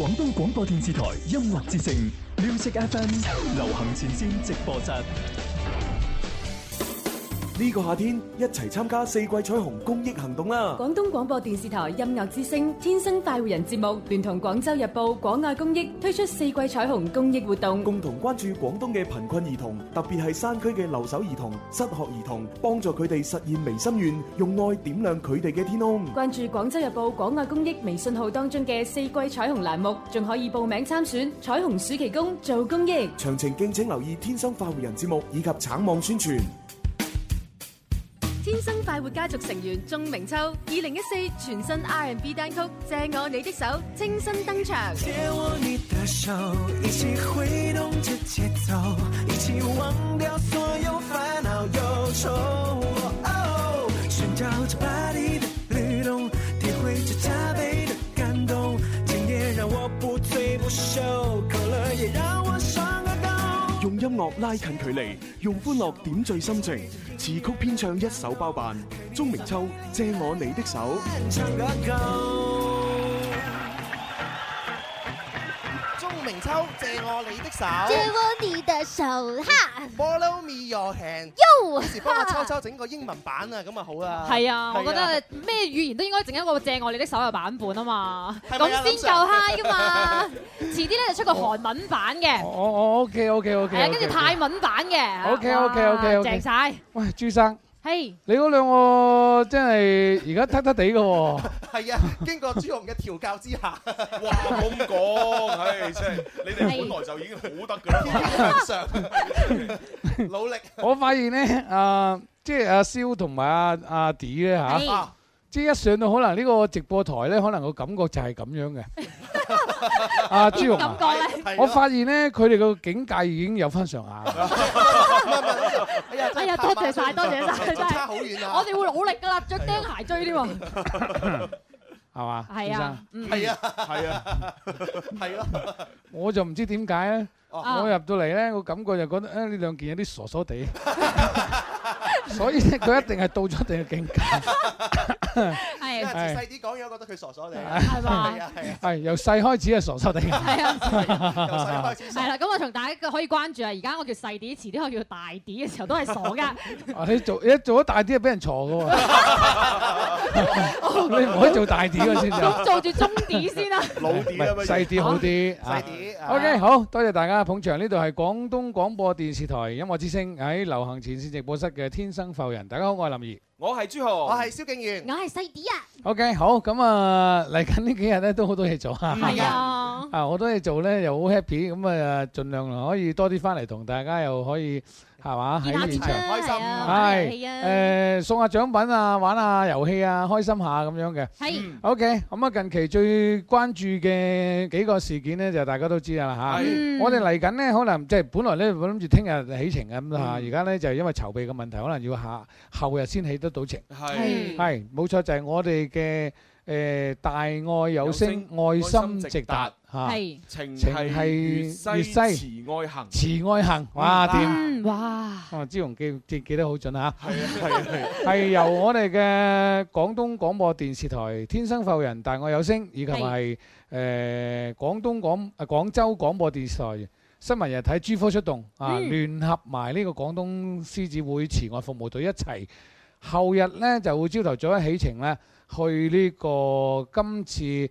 廣東廣播電視台音樂之聲《music FM》流行前線直播室。呢個夏天一齊參加四季彩虹公益行動啦！廣東廣播電視台音樂之聲《天生快活人》節目聯同廣州日報廣愛公益推出四季彩虹公益活動，共同關注廣東嘅貧困兒童，特別係山區嘅留守兒童、失學兒童，幫助佢哋實現微心願，用愛點亮佢哋嘅天空。關注廣州日報廣愛公益微信號當中嘅四季彩虹欄目，仲可以報名參選彩虹暑期工做公益。詳情敬請留意《天生快活人》節目以及橙網宣傳。天生快活家族成員鍾明秋，二零一四全新 R&B 單曲《借我你的手》清新登場。借我你的手，一起揮動着節奏，一起忘掉所有煩惱憂愁，尋找着巴黎的律動，體會着加倍的感動，今夜讓我不醉不休，可樂也讓用音樂拉近距離，用歡樂點綴心情。詞曲編唱一手包辦。鍾明秋借我你的手。明秋借我你的手，借我你的手哈，Follow me your hand，Yo，幫我抄抄整個英文版啊，咁啊好啦，係啊，我覺得咩語言都應該整一個借我你的手嘅版本啊嘛，咁先夠 high 噶嘛，遲啲咧就出個韓文版嘅，哦哦 OK OK OK，係啊，跟住泰文版嘅，OK OK OK OK，謝曬，喂朱生。係，Hey. 你嗰兩個真係而家得得地嘅喎。係 啊，經過朱紅嘅調教之下。 哇，唔好咁講，係真係，你哋本來就已經好得嘅啦。 上， 努力。我發現咧，呃、ee, 啊，即係阿蕭同埋阿阿迪咧，吓。即係一上到可能呢個直播台咧，可能個感覺就係咁樣嘅。啊，朱融啊，我感覺咧，我發現咧，佢哋個境界已經有返上下。哎呀，多謝晒，多謝晒，真係。差好遠啊！我哋會努力㗎啦，著釘鞋追添喎。係嘛？係啊。係啊。係啊。係咯。我就唔知點解啊！我入到嚟咧，我感覺就覺得誒呢兩件有啲傻傻地。所以咧，佢一定係到咗一定嘅境界。係，細啲講嘢，覺得佢傻傻地，係咪？係由細開始係傻傻地。係啊，由細開始。係啦，咁我同大家可以關注啊，而家我叫細啲，遲啲我叫大啲嘅時候都係傻噶。你做你一做咗大啲，係俾人鋤噶喎。你唔可以做大啲嘅先。做住中啲先啦。老啲啊嘛，細啲好啲。細啲。O K，好多謝大家捧場。呢度係廣東廣播電視台音樂之聲喺流行前線直播室嘅天快活人，大家好，我係林兒，我係朱浩，我係蕭敬元，我係細 D 啊。OK，好，咁啊，嚟緊呢幾日咧都好多嘢做啊，係啊，啊好多嘢做咧又好 happy，咁啊盡量可以多啲翻嚟同大家又可以。係嘛喺現場開心，啊，係誒送下獎品啊，玩下遊戲啊，開心下咁樣嘅。係是 OK，咁啊近期最關注嘅幾個事件咧，就大家都知啦嚇是、啊。我哋嚟緊咧，可能即係、就是、本來咧諗住聽日起程嘅咁啊，而家咧就是、因為籌備嘅問題，可能要下後日先起得到程。係係冇錯，就係、是、我哋嘅。誒大愛有聲，愛心直達嚇，情情係粵西，慈愛行，慈愛行，哇掂，哇，啊，朱容基記記得好準嚇，係啊係啊係，係由我哋嘅廣東廣播電視台天生富人大愛有聲，以及係誒廣東廣廣州廣播電視台新聞日睇 G4 出動啊，聯合埋呢個廣東獅子會慈愛服務隊一齊，後日咧就會朝頭早一起程咧。去呢個今次。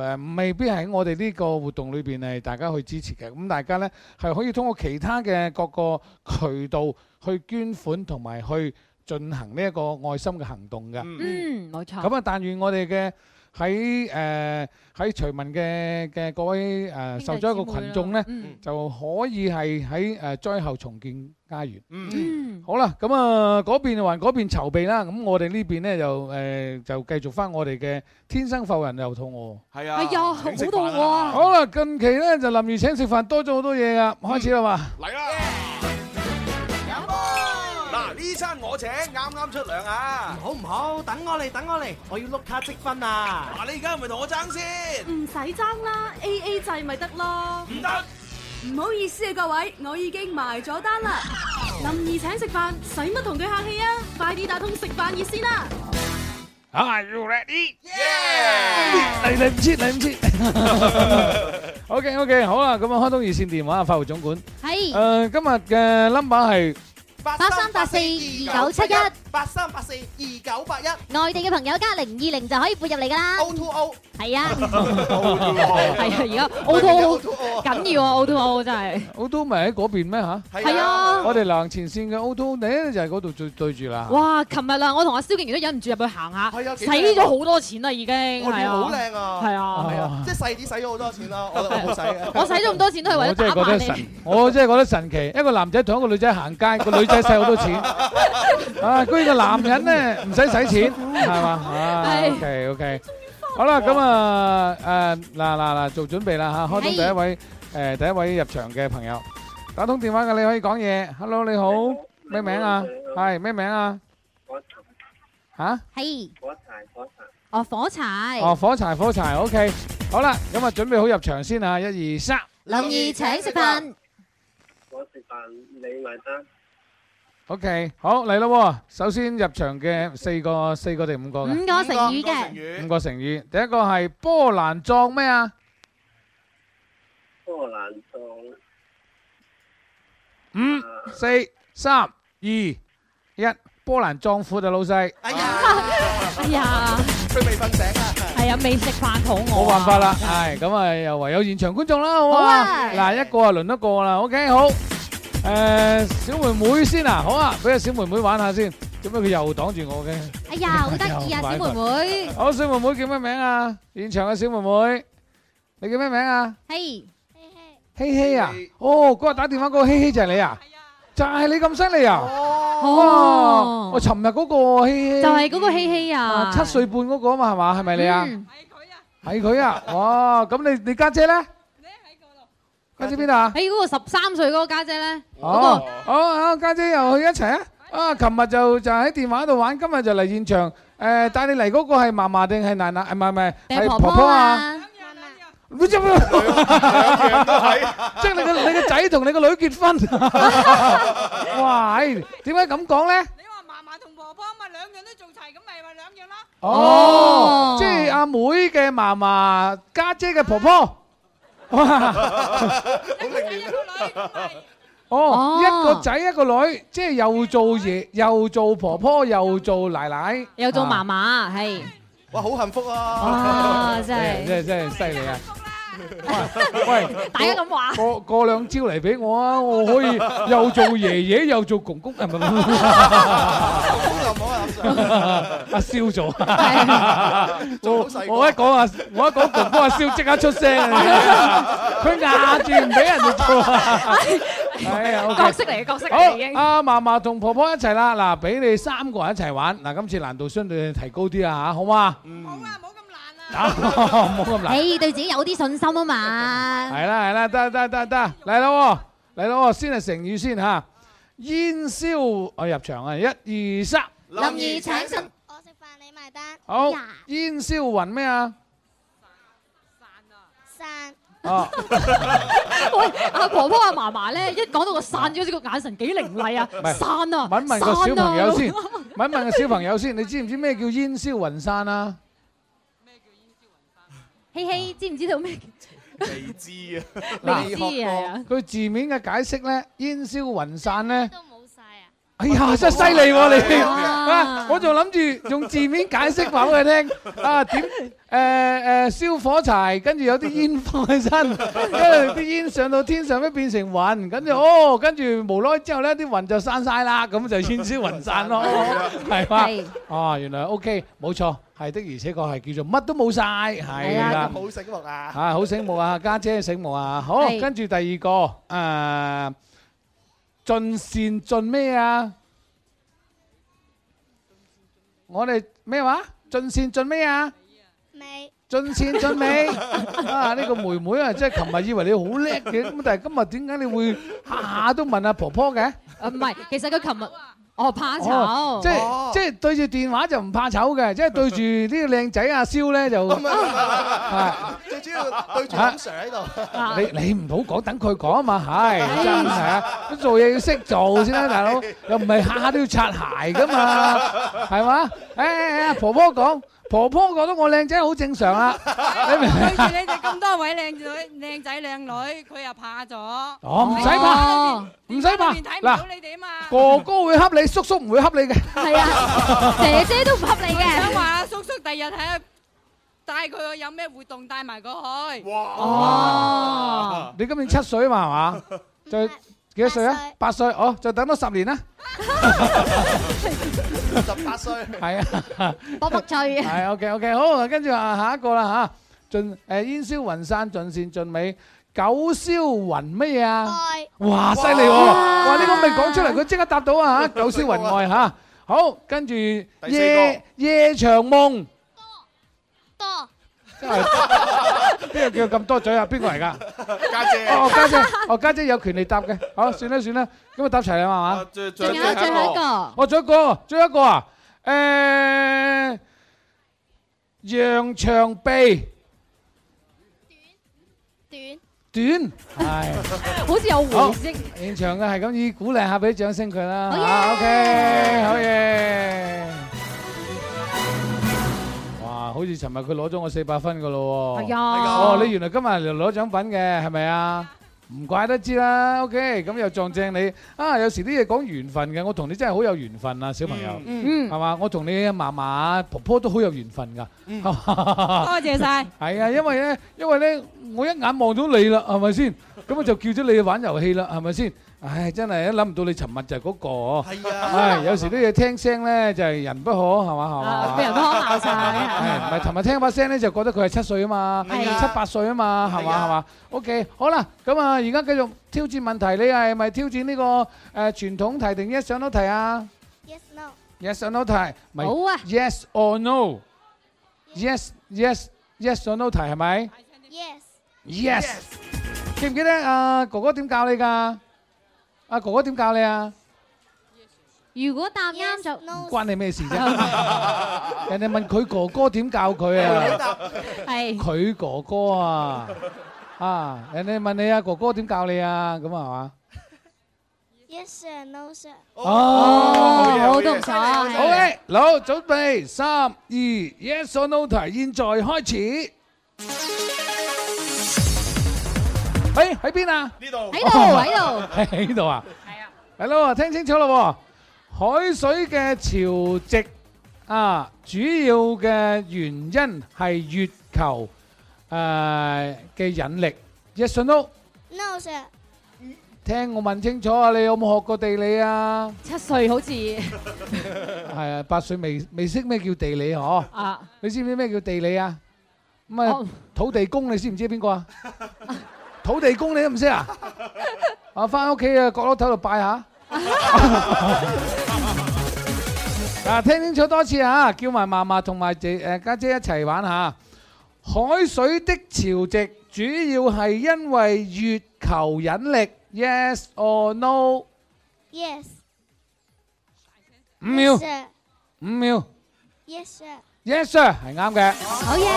誒未必喺我哋呢個活動裏邊係大家去支持嘅，咁大家呢係可以通過其他嘅各個渠道去捐款同埋去進行呢一個愛心嘅行動㗎。嗯，冇錯、嗯。咁啊錯，但願我哋嘅～喺誒喺徐聞嘅嘅各位誒、呃、受災嘅群眾咧，啊嗯、就可以係喺誒災後重建家園。嗯，嗯好啦，咁啊嗰邊還嗰邊籌備啦。咁我哋呢邊咧就誒就繼續返我哋嘅天生浮人又肚餓。係啊，係、哎、呦啊，好肚餓。好啦，近期咧就林如請食飯多咗好多嘢噶，嗯、開始啦嘛。嚟啦了！Yeah！爭我請，啱啱出糧啊！好唔好？等我嚟，等我嚟！我要碌卡積分啊！嗱，你而家係咪同我爭先？唔使爭啦，A A 制咪得咯。唔得！唔好意思啊，各位，我已經埋咗單啦。林兒請食飯，使乜同佢客氣啊？快啲打通食飯熱線啦！Are you ready？Yeah！嚟嚟，唔切嚟唔切。OK OK，好啦，咁啊，開通熱線電話啊，法務總管。係。誒，今日嘅 number 係。八三八四二九七一。8, 3, 4, 2, 9, 7, 八三八四二九八一，外地嘅朋友加零二零就可以撥入嚟㗎喇。O to O，係啊，係啊，而家 O to O 緊要啊，O to O 真係 O to O 咪喺嗰邊咩吓？係啊，我哋流行前線嘅 O to O，你咧就喺嗰度對對住啦。哇，琴日啦，我同阿蕭敬怡都忍唔住入去行下，使咗好多錢啦，已經係啊，好靚啊，係啊，係啊，即係細啲，使咗好多錢啦，我我使嘅，我使咗咁多錢都係為咗打扮你覺得神，我真係覺得神奇，一個男仔同一個女仔行街，個女仔使好多錢啊，居然。個男人咧唔使使錢，係嘛？啊，OK OK，好啦，咁啊誒，嗱嗱嗱，做準備啦吓，開咗第一位誒，第一位入場嘅朋友，打通電話嘅你可以講嘢，Hello，你好，咩名啊？係咩名啊？吓，係火柴火柴，哦火柴，哦火柴火柴，OK，好啦，咁啊準備好入場先啊，一二三，林怡請食飯，我食飯你埋單。OK，好嚟咯，首先入場嘅四個四個定五個嘅？五個成語嘅，五個成語。第一個係波瀾壯咩啊？波瀾壯。五、四、三、二、一，波瀾壯闊啊，老細。哎呀，哎呀，佢未瞓醒啊。係啊，未食飯肚餓。冇辦法啦，係咁啊，又唯有現場觀眾啦，好唔好啊？嗱，一個啊，輪得過啦，OK，好。誒，小妹妹先啊，好啊，俾阿小妹妹玩下先。做咩佢又擋住我嘅？哎呀，好得意啊，小妹妹。好，小妹妹叫咩名啊？現場嘅小妹妹，你叫咩名啊？希希希希啊！哦，嗰日打電話嗰個希希就係你啊？就係你咁犀利啊？哦，我尋日嗰個希希就係嗰個希希啊？七歲半嗰個嘛，係嘛？係咪你啊？係佢啊？係佢啊？哇！咁你你家姐咧？家姐邊度啊？喺嗰個十三歲嗰個家姐咧，哦，哦！家姐又去一齊啊！啊，琴日就就喺電話嗰度玩，今日就嚟現場。誒，帶你嚟嗰個係嫲嫲定係奶奶？唔係唔係，係婆婆啊！兩樣啊！唔知咩？兩樣都係，即係你個你個仔同你個女結婚。哇！點解咁講咧？你話嫲嫲同婆婆，咪兩樣都做齊，咁咪咪兩樣咯。哦，即係阿妹嘅嫲嫲，家姐嘅婆婆。哇！好明顯，哦，一個仔一個女，即係又做爺，又做婆婆，又做奶奶，又做嫲嫲，係哇，好幸福啊！哇，真係，真係真係犀利啊！喂，大家咁話，過過兩招嚟俾我啊，我可以又做爺爺又做公公，係咪？阿蕭做，我我一講阿我一講公公阿蕭即刻出聲，佢壓住唔俾人哋做啊！角色嚟嘅角色，好啊！阿嫲嫲同婆婆一齊啦，嗱，俾你三個人一齊玩，嗱，今次難度相對提高啲啊，吓，好嘛？嗯。冇咁難，誒，對自己有啲信心啊嘛。係啦係啦，得得得得，嚟咯嚟咯，先係成語先吓。煙消我入場啊，一二三。林怡請先，我食飯你埋單。好，煙消雲咩啊？散啊，散。哦，喂，阿婆婆阿嫲嫲咧，一講到個散，好似個眼神幾凌厲啊。唔係，散啊。問一問個小朋友先，問一問個小朋友先，你知唔知咩叫煙消雲散啊？希希知唔知道咩叫？啊、未知啊，未知啊。佢是、啊、字面嘅解釋咧，煙消雲散咧。哎呀，真犀利喎你！啊，我就諗住用字面解釋話俾佢聽啊，點誒誒燒火柴，跟住有啲煙放起身，跟住啲煙上到天上都變成雲，跟住哦，跟住無耐之後呢，啲雲就散晒啦，咁就煙消雲散咯，係嘛？哦、啊，原來 OK，冇錯，係的而且確係叫做乜都冇晒，係啦、啊，啊、好醒目啊！吓，好醒目啊，家姐，姐，姐醒目啊！好，好跟住第二個誒。呃盡善盡咩啊？我哋咩話？盡善盡咩啊？美，盡善盡美啊！呢個妹妹啊，即係琴日以為你好叻嘅，咁但係今日點解你會下下都問阿婆婆嘅？啊，唔係，其實佢琴日。醜哦，怕醜，哦、即係即係對住電話就唔怕醜嘅， 即係對住、啊、呢個靚仔阿蕭咧就，最主要對住阿 Sir 喺度、啊啊。 你你唔好講，等佢講啊嘛，係真係啊！ 做嘢要識做先啦，大佬又唔係下下都要擦鞋噶嘛，係嘛？誒誒誒，婆婆講。婆婆覺得我靚仔好正常啊，對住你哋咁多位靚女、靚仔、靚女，佢又怕咗。哦，唔使怕，唔使怕。嗱，睇唔到你哋嘛。哥哥會恰你，叔叔唔會恰你嘅。係啊，姐姐都唔恰你嘅。想話阿叔叔第日係帶佢去有咩活動，帶埋過去。哇！你今年七歲啊嘛，係嘛？就。幾歲啊？八歲哦，就等多十年啦。十八歲，係啊，卜卜脆啊。係，OK OK，好，跟住話下一個啦吓，盡誒煙消雲散，盡善盡美，九霄雲咩嘢啊？哇，犀利喎！哇，呢個未講出嚟，佢即刻答到啊吓，九霄雲外吓。好，跟住夜夜長夢多多。真係，邊個叫咁多嘴啊？邊個嚟㗎？家姐，哦，家姐，哦，家姐有權利答嘅。好，算啦算啦，咁我答齊啦嘛嘛。仲有最後一個。哦，最後一個，最後一個啊，誒，楊長臂，短，短，短，係。好似有回憶。現場嘅係咁以鼓勵下俾掌聲佢啦，啊，OK，好嘢。好似尋日佢攞咗我四百分㗎咯，哎、喲哦，你原來今日嚟攞獎品嘅係咪啊？唔怪得知啦，OK，咁又撞正你啊！有時啲嘢講緣分嘅，我同你真係好有緣分啊，小朋友，嗯，係嘛？我同你嫲嫲、婆婆都好有緣分㗎，多、嗯、 謝晒。係啊，因為咧，因為咧，我一眼望到你啦，係咪先？咁我就叫咗你去玩遊戲啦，係咪先？唉，真係一諗唔到你尋日就係嗰個，係啊！唉，有時都要聽聲咧，就係人不可係嘛，係嘛，人不可鬧晒。係咪尋日聽把聲咧就覺得佢係七歲啊嘛，七八歲啊嘛，係嘛係嘛？OK，好啦，咁啊，而家繼續挑戰問題，你係咪挑戰呢個誒傳統題定 yes or no 題啊？Yes or no？Yes or no 題，好啊！Yes or no？Yes yes yes or no 題，係咪？Yes。Yes。記唔記得阿哥哥點教你噶？阿哥哥點教你啊？如果答啱就 no。關你咩事啫？人哋問佢哥哥點教佢啊？你答。係。佢哥哥啊，啊！人哋問你啊，哥哥點教你啊？咁啊係嘛。Yes or no, sir。哦，好都唔錯。好嘅，好，準備三二，yes or no, sir，現在開始。喂，喺邊啊？呢度喺度，喺度，喺喺度啊！係啊，係咯，聽清楚啦，海水嘅潮汐啊，主要嘅原因係月球誒嘅引力。Yes or no？No sir。聽我問清楚啊！你有冇學過地理啊？七歲好似係啊，八歲未未識咩叫地理嗬？啊，你知唔知咩叫地理啊？咁啊，土地公你知唔知係邊個啊？土地公你都唔識啊？啊，翻屋企啊，角落頭度拜下。啊，聽清楚多次啊，叫埋嫲嫲同埋誒家姐一齊玩下。海水的潮汐主要係因為月球引力，Yes or No？Yes。五秒。五秒。Yes, sir。Yes sir 係啱嘅。好嘢！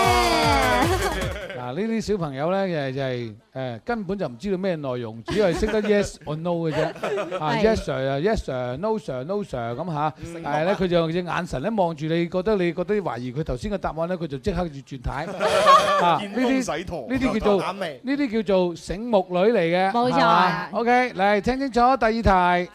嗱呢啲小朋友咧，又係就係誒根本就唔知道咩內容，只係識得 yes or no 嘅啫。係 yes sir 啊，yes sir，no sir，no sir 咁嚇。係咧，佢就用隻眼神咧望住你，覺得你覺得懷疑佢頭先嘅答案咧，佢就即刻轉轉態。呢啲使徒，呢啲叫做呢啲叫做醒目女嚟嘅。冇錯。OK，嚟聽清楚第二題。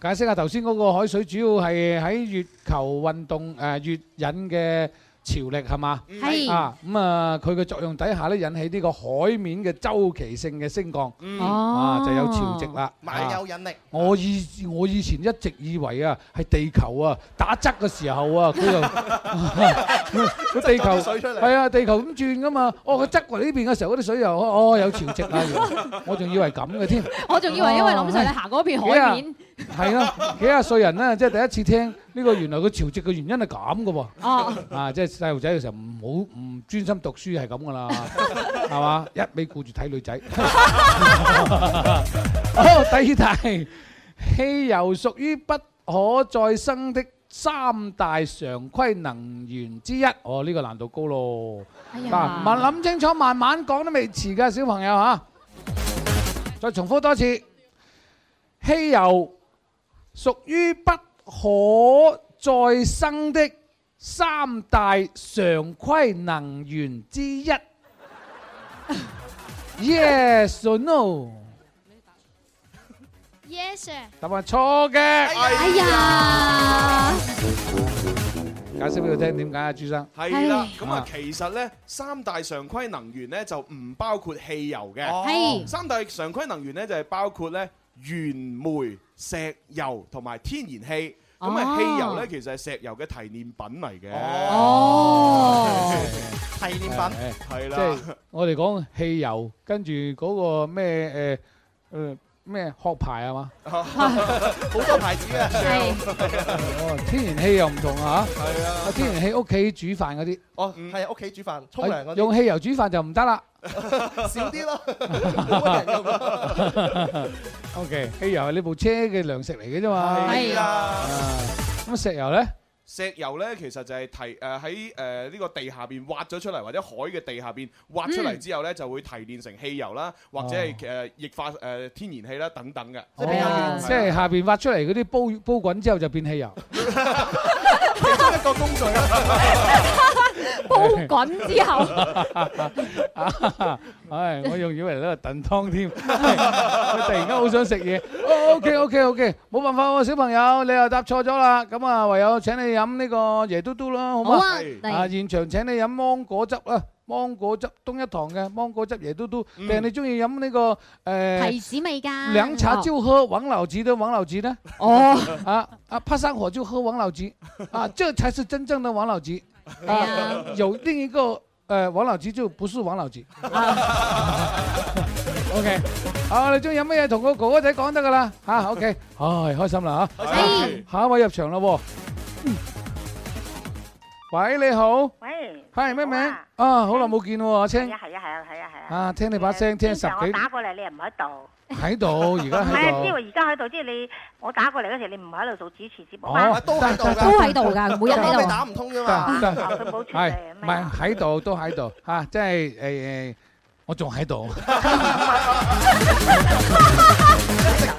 解釋下頭先嗰個海水，主要係喺月球運動誒月引嘅潮力係嘛？係啊，咁啊佢嘅作用底下咧，引起呢個海面嘅週期性嘅升降，啊就有潮汐啦。萬有引力。我以我以前一直以為啊，係地球啊打側嘅時候啊，佢就佢地球水出嚟。係啊，地球咁轉噶嘛。哦，佢側過呢邊嘅時候，嗰啲水又哦有潮汐啊。我仲以為咁嘅添。我仲以為因為諗住行嗰邊海面。係咯，幾廿歲人咧，即係第一次聽呢、這個，原來佢潮汐嘅原因係咁噶喎。啊,啊，即係細路仔嘅時候唔好唔專心讀書係咁噶啦，係嘛， 一味顧住睇女仔。 好，第二題，汽油屬於不可再生的三大常規能源之一。哦，呢、這個難度高咯。嗱、哎呀，唔係諗清楚，慢慢講都未遲噶，小朋友吓，再重複多次，汽油。屬於不可再生的三大常規能源之一。Yes or no？Yes sir。答案錯嘅。哎呀！哎呀，解釋俾佢聽點解啊，朱生。係啦，咁啊，嗯、其實咧三大常規能源咧就唔包括汽油嘅。係、哦。三大常規能源咧就係包括咧。原煤、石油同埋天然氣，咁啊，汽油咧其實係石油嘅提煉品嚟嘅。哦，提煉品，係啦、哎。即、哎、係、就是、我哋講汽油，跟住嗰個咩誒，嗯、呃，咩殼牌係嘛？好多牌子啊！係。哦，天然氣又唔同啊！係啊， 天然氣屋企煮飯嗰啲。哦、嗯，係屋企煮飯，用汽油煮飯就唔得啦。少啲咯，O K，汽油係呢部車嘅糧食嚟嘅啫嘛，係啊。咁石油咧，石油咧其實就係提誒喺誒呢個地下邊挖咗出嚟，或者海嘅地下邊挖出嚟之後咧，就會提煉成汽油啦，或者係誒液化誒天然氣啦等等嘅。哦，即係下邊挖出嚟嗰啲煲煲滾之後就變汽油，其中一個工序啦。煲滾之後，唉，我仲以為你喺度燉湯添。佢突然間好想食嘢。O K O K O K，冇辦法喎，小朋友，你又答錯咗啦。咁啊，唯有請你飲呢個椰嘟嘟啦，好唔好啊？現場請你飲芒果汁啊，芒果汁東一堂嘅芒果汁椰嘟嘟。定係你中意飲呢個誒，提子味噶。涼茶就喝王老吉，都王老吉咧。哦，啊啊，怕上火就喝王老吉，啊，這才是真正的王老吉。啊，有另一個誒、呃，王老吉就不是王老吉。O K，啊，你仲有乜嘢同個哥哥仔講得噶啦？吓，O K，唉，開心啦吓、啊開心啊，下一位入場咯、啊。嗯喂，你好。喂，係咩名？啊，好耐冇見喎，青。係啊，係啊，係啊，係啊。啊，聽你把聲，聽十幾。我打過嚟，你又唔喺度。喺度，而家喺度。唔係，即係而家喺度，即係你我打過嚟嗰時，你唔喺度做主持節目。哦，都喺度，都喺度噶，每日喺度。你打唔通啫嘛，佢冇出嚟啊嘛。係，唔係喺度，都喺度。嚇，即係誒誒，我仲喺度。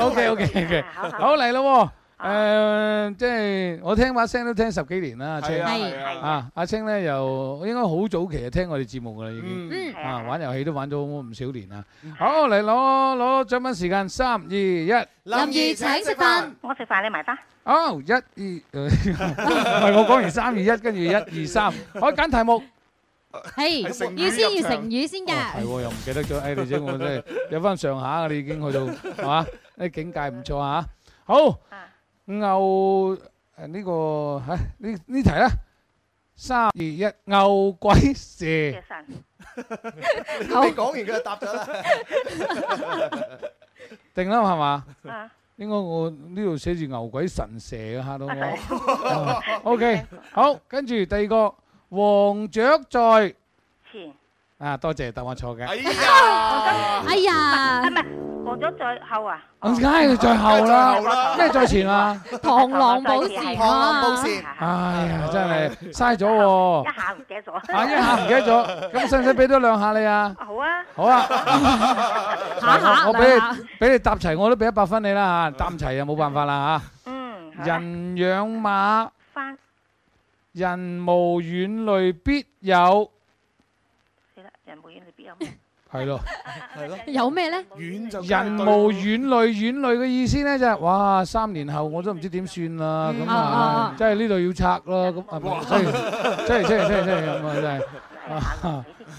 OK OK OK，好嚟咯喎。誒，即係我聽把聲都聽十幾年啦，阿青，啊，阿青咧又應該好早期就聽我哋節目噶啦，已經，啊，玩遊戲都玩咗唔少年啦。好，嚟攞攞獎品時間，三二一，林怡請食飯，我食飯你埋單。好，一二，唔係我講完三二一，跟住一二三，我揀題目，係，要先要成語先噶，係又唔記得咗，哎，李姐我真係有翻上下噶，你已經去到係嘛，啲境界唔錯啊，好。牛誒呢個吓呢呢題啦，三二一，牛鬼蛇。好。你講完佢就答咗啦。定啦係嘛？啊。應該我呢度寫住牛鬼神蛇嘅，嚇到我。OK 好，跟住第二個黃雀在。啊，多謝，答案錯嘅。哎呀，哎呀，唔係，過咗最後啊。梗係最後啦，咩在前啊？螳螂捕蟬。螳螂捕蟬。哎呀，真係嘥咗。一下唔記得咗。啊，一下唔記得咗。咁使唔使俾多兩下你啊？好啊。好啊。我俾你，俾你答齊，我都俾一百分你啦吓。答唔齊就冇辦法啦吓。嗯。人養馬。翻。人無遠慮，必有係咯，係咯，有咩咧？遠就人無遠慮，遠慮嘅意思咧就，哇，三年後我都唔知點算啦，咁啊，即係呢度要拆咯，咁啊，即係即係即係即係咁啊，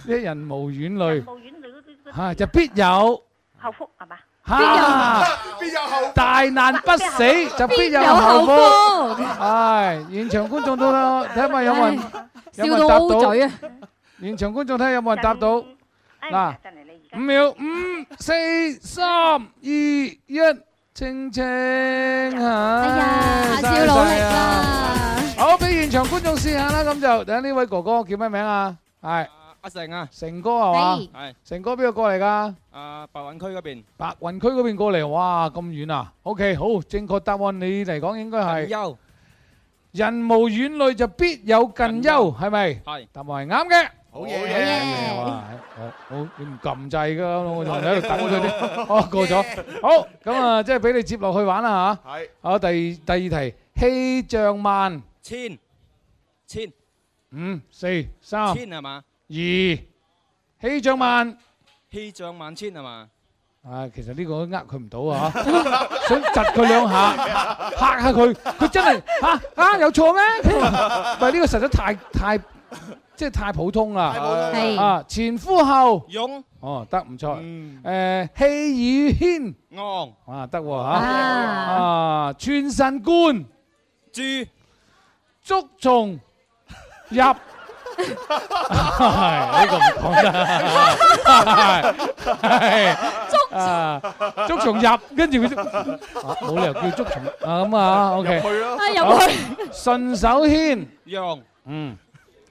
真係，一人無遠慮，啊，就必有後福係嘛？必有必有後，大難不死就必有後福，係，現場觀眾都睇下有冇有冇答到？現場觀眾睇下有冇人答到嗱，五秒，五、四、三、二、一，清清吓，下次要努力啦。好，俾現場觀眾試下啦，咁就等下呢位哥哥叫咩名啊？係阿成啊，成哥係嘛？係成哥邊個過嚟噶？啊，白雲區嗰邊。白雲區嗰邊過嚟，哇咁遠啊！OK，好，正確答案你嚟講應該係，憂，人無遠慮就必有近憂，係咪？係，答案係啱嘅。好嘢，哇！好，你唔撳掣噶，我仲喺度等佢添。哦，過咗，好咁啊，即係俾你接落去玩啦吓。係，好，第第二題，氣象萬千，千，五、四、三，千係嘛？二，氣象萬，氣象萬千係嘛？啊，其實呢個呃佢唔到啊，想窒佢兩下，嚇下佢，佢真係，吓吓有錯咩？喂呢個實在太太。即係太普通啦，啊前呼後擁，哦得唔錯，誒氣宇軒昂，啊得喎嚇，啊全神貫注捉蟲入，係呢個唔講真，係捉蟲捉蟲入，跟住佢冇理由叫捉蟲啊咁啊，O K，入去咯，入去順手牽擁，嗯。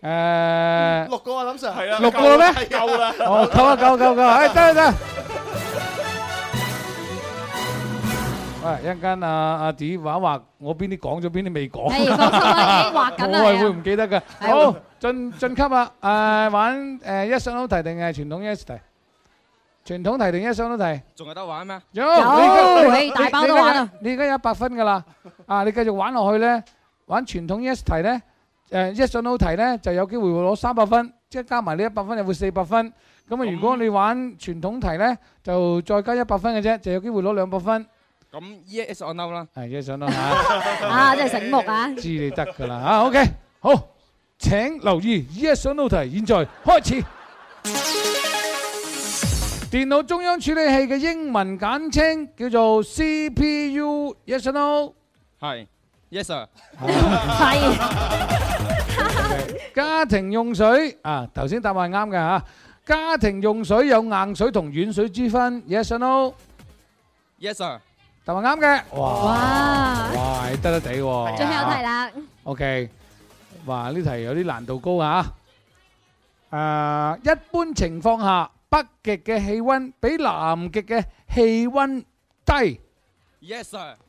誒，六個我諗上係啦，六個咩？夠啦，好，夠啦，夠夠夠，誒，得啦得啦。喂，一陣間阿阿迪玩畫，我邊啲講咗，邊啲未講？係講錯啦，已經畫緊啦。我係會唔記得嘅。好，進晉級啦。誒，玩誒一箱多題定係傳統 Yes 題？傳統題定一箱多題？仲有得玩咩？有，有，大包都玩啦。你而家有八分噶啦，啊，你繼續玩落去咧，玩傳統 Yes 題咧。誒 Yes or no 題咧，就有機會攞三百分，即係加埋呢一百分，就會四百分。咁啊，如果你玩傳統題咧，就再加一百分嘅啫，就有機會攞兩百分。咁 Yes or no 啦。係，Yes or no 啊，啊真係醒目啊！知你得噶啦嚇，OK，好，請留意 Yes or no 題，現在開始。電腦中央處理器嘅英文簡稱叫做 CPU，yes or no？係。Yes sir，係家庭用水啊，頭先答案啱嘅吓。家庭用水有硬水同軟水之分。Yes or No，yes sir，答話啱嘅。哇哇，得得地，最後題啦。OK，哇呢題有啲難度高啊。誒，一般情況下，北極嘅氣温比南極嘅氣温低。Yes sir。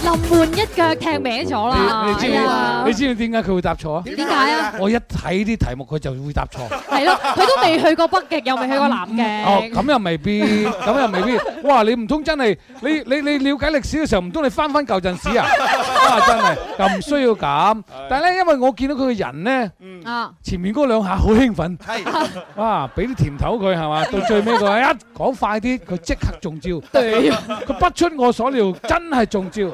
臨門一腳踢歪咗啦，你知啊，你知唔知點解佢會答錯啊？點解啊？我一睇啲題目，佢就會答錯。係咯，佢都未去過北極，又未去過南極。哦，咁又未必，咁又未必。哇！你唔通真係你你你瞭解歷史嘅時候，唔通你翻翻舊陣時啊？哇！真係又唔需要咁。但係咧，因為我見到佢嘅人咧，啊，前面嗰兩下好興奮，係哇，俾啲甜頭佢係嘛？到最尾佢話一講快啲，佢即刻中招。對，佢不出我所料，真係中招。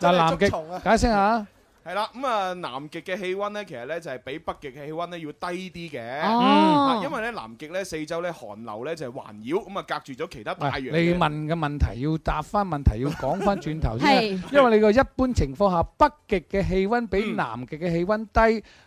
就係南極，解釋下。係啦， 咁、嗯、啊，南極嘅氣温咧，其實咧就係比北極嘅氣温咧要低啲嘅。嗯，因為咧南極咧四周咧寒流咧就係環繞，咁啊隔住咗其他大洋。你問嘅問題要答翻，問題要講翻轉頭先， 因為你個一般情況下，北極嘅氣温比南極嘅氣温低。嗯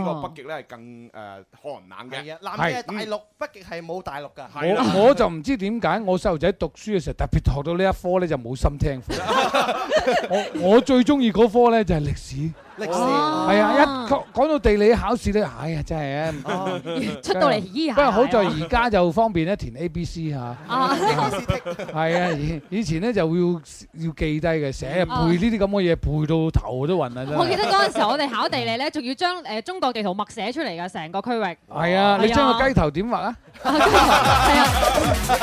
呢個北極咧係更誒寒、呃、冷嘅，南極係大陸，嗯、北極係冇大陸噶。我我就唔知點解，我細路仔讀書嘅時候特別學到呢一科咧，就冇心聽 我。我我最中意嗰科咧就係歷史。歷史係啊，一講講到地理考試咧，哎呀，真係咧，出到嚟依下。不過好在而家就方便咧，填 A、B、C 吓。哦，開始的。係啊，以以前咧就要要記低嘅，寫背呢啲咁嘅嘢，背到頭都暈啦。我記得嗰陣時我哋考地理咧，仲要將誒中國地圖默寫出嚟噶，成個區域。係啊，你將個雞頭點畫啊？係啊，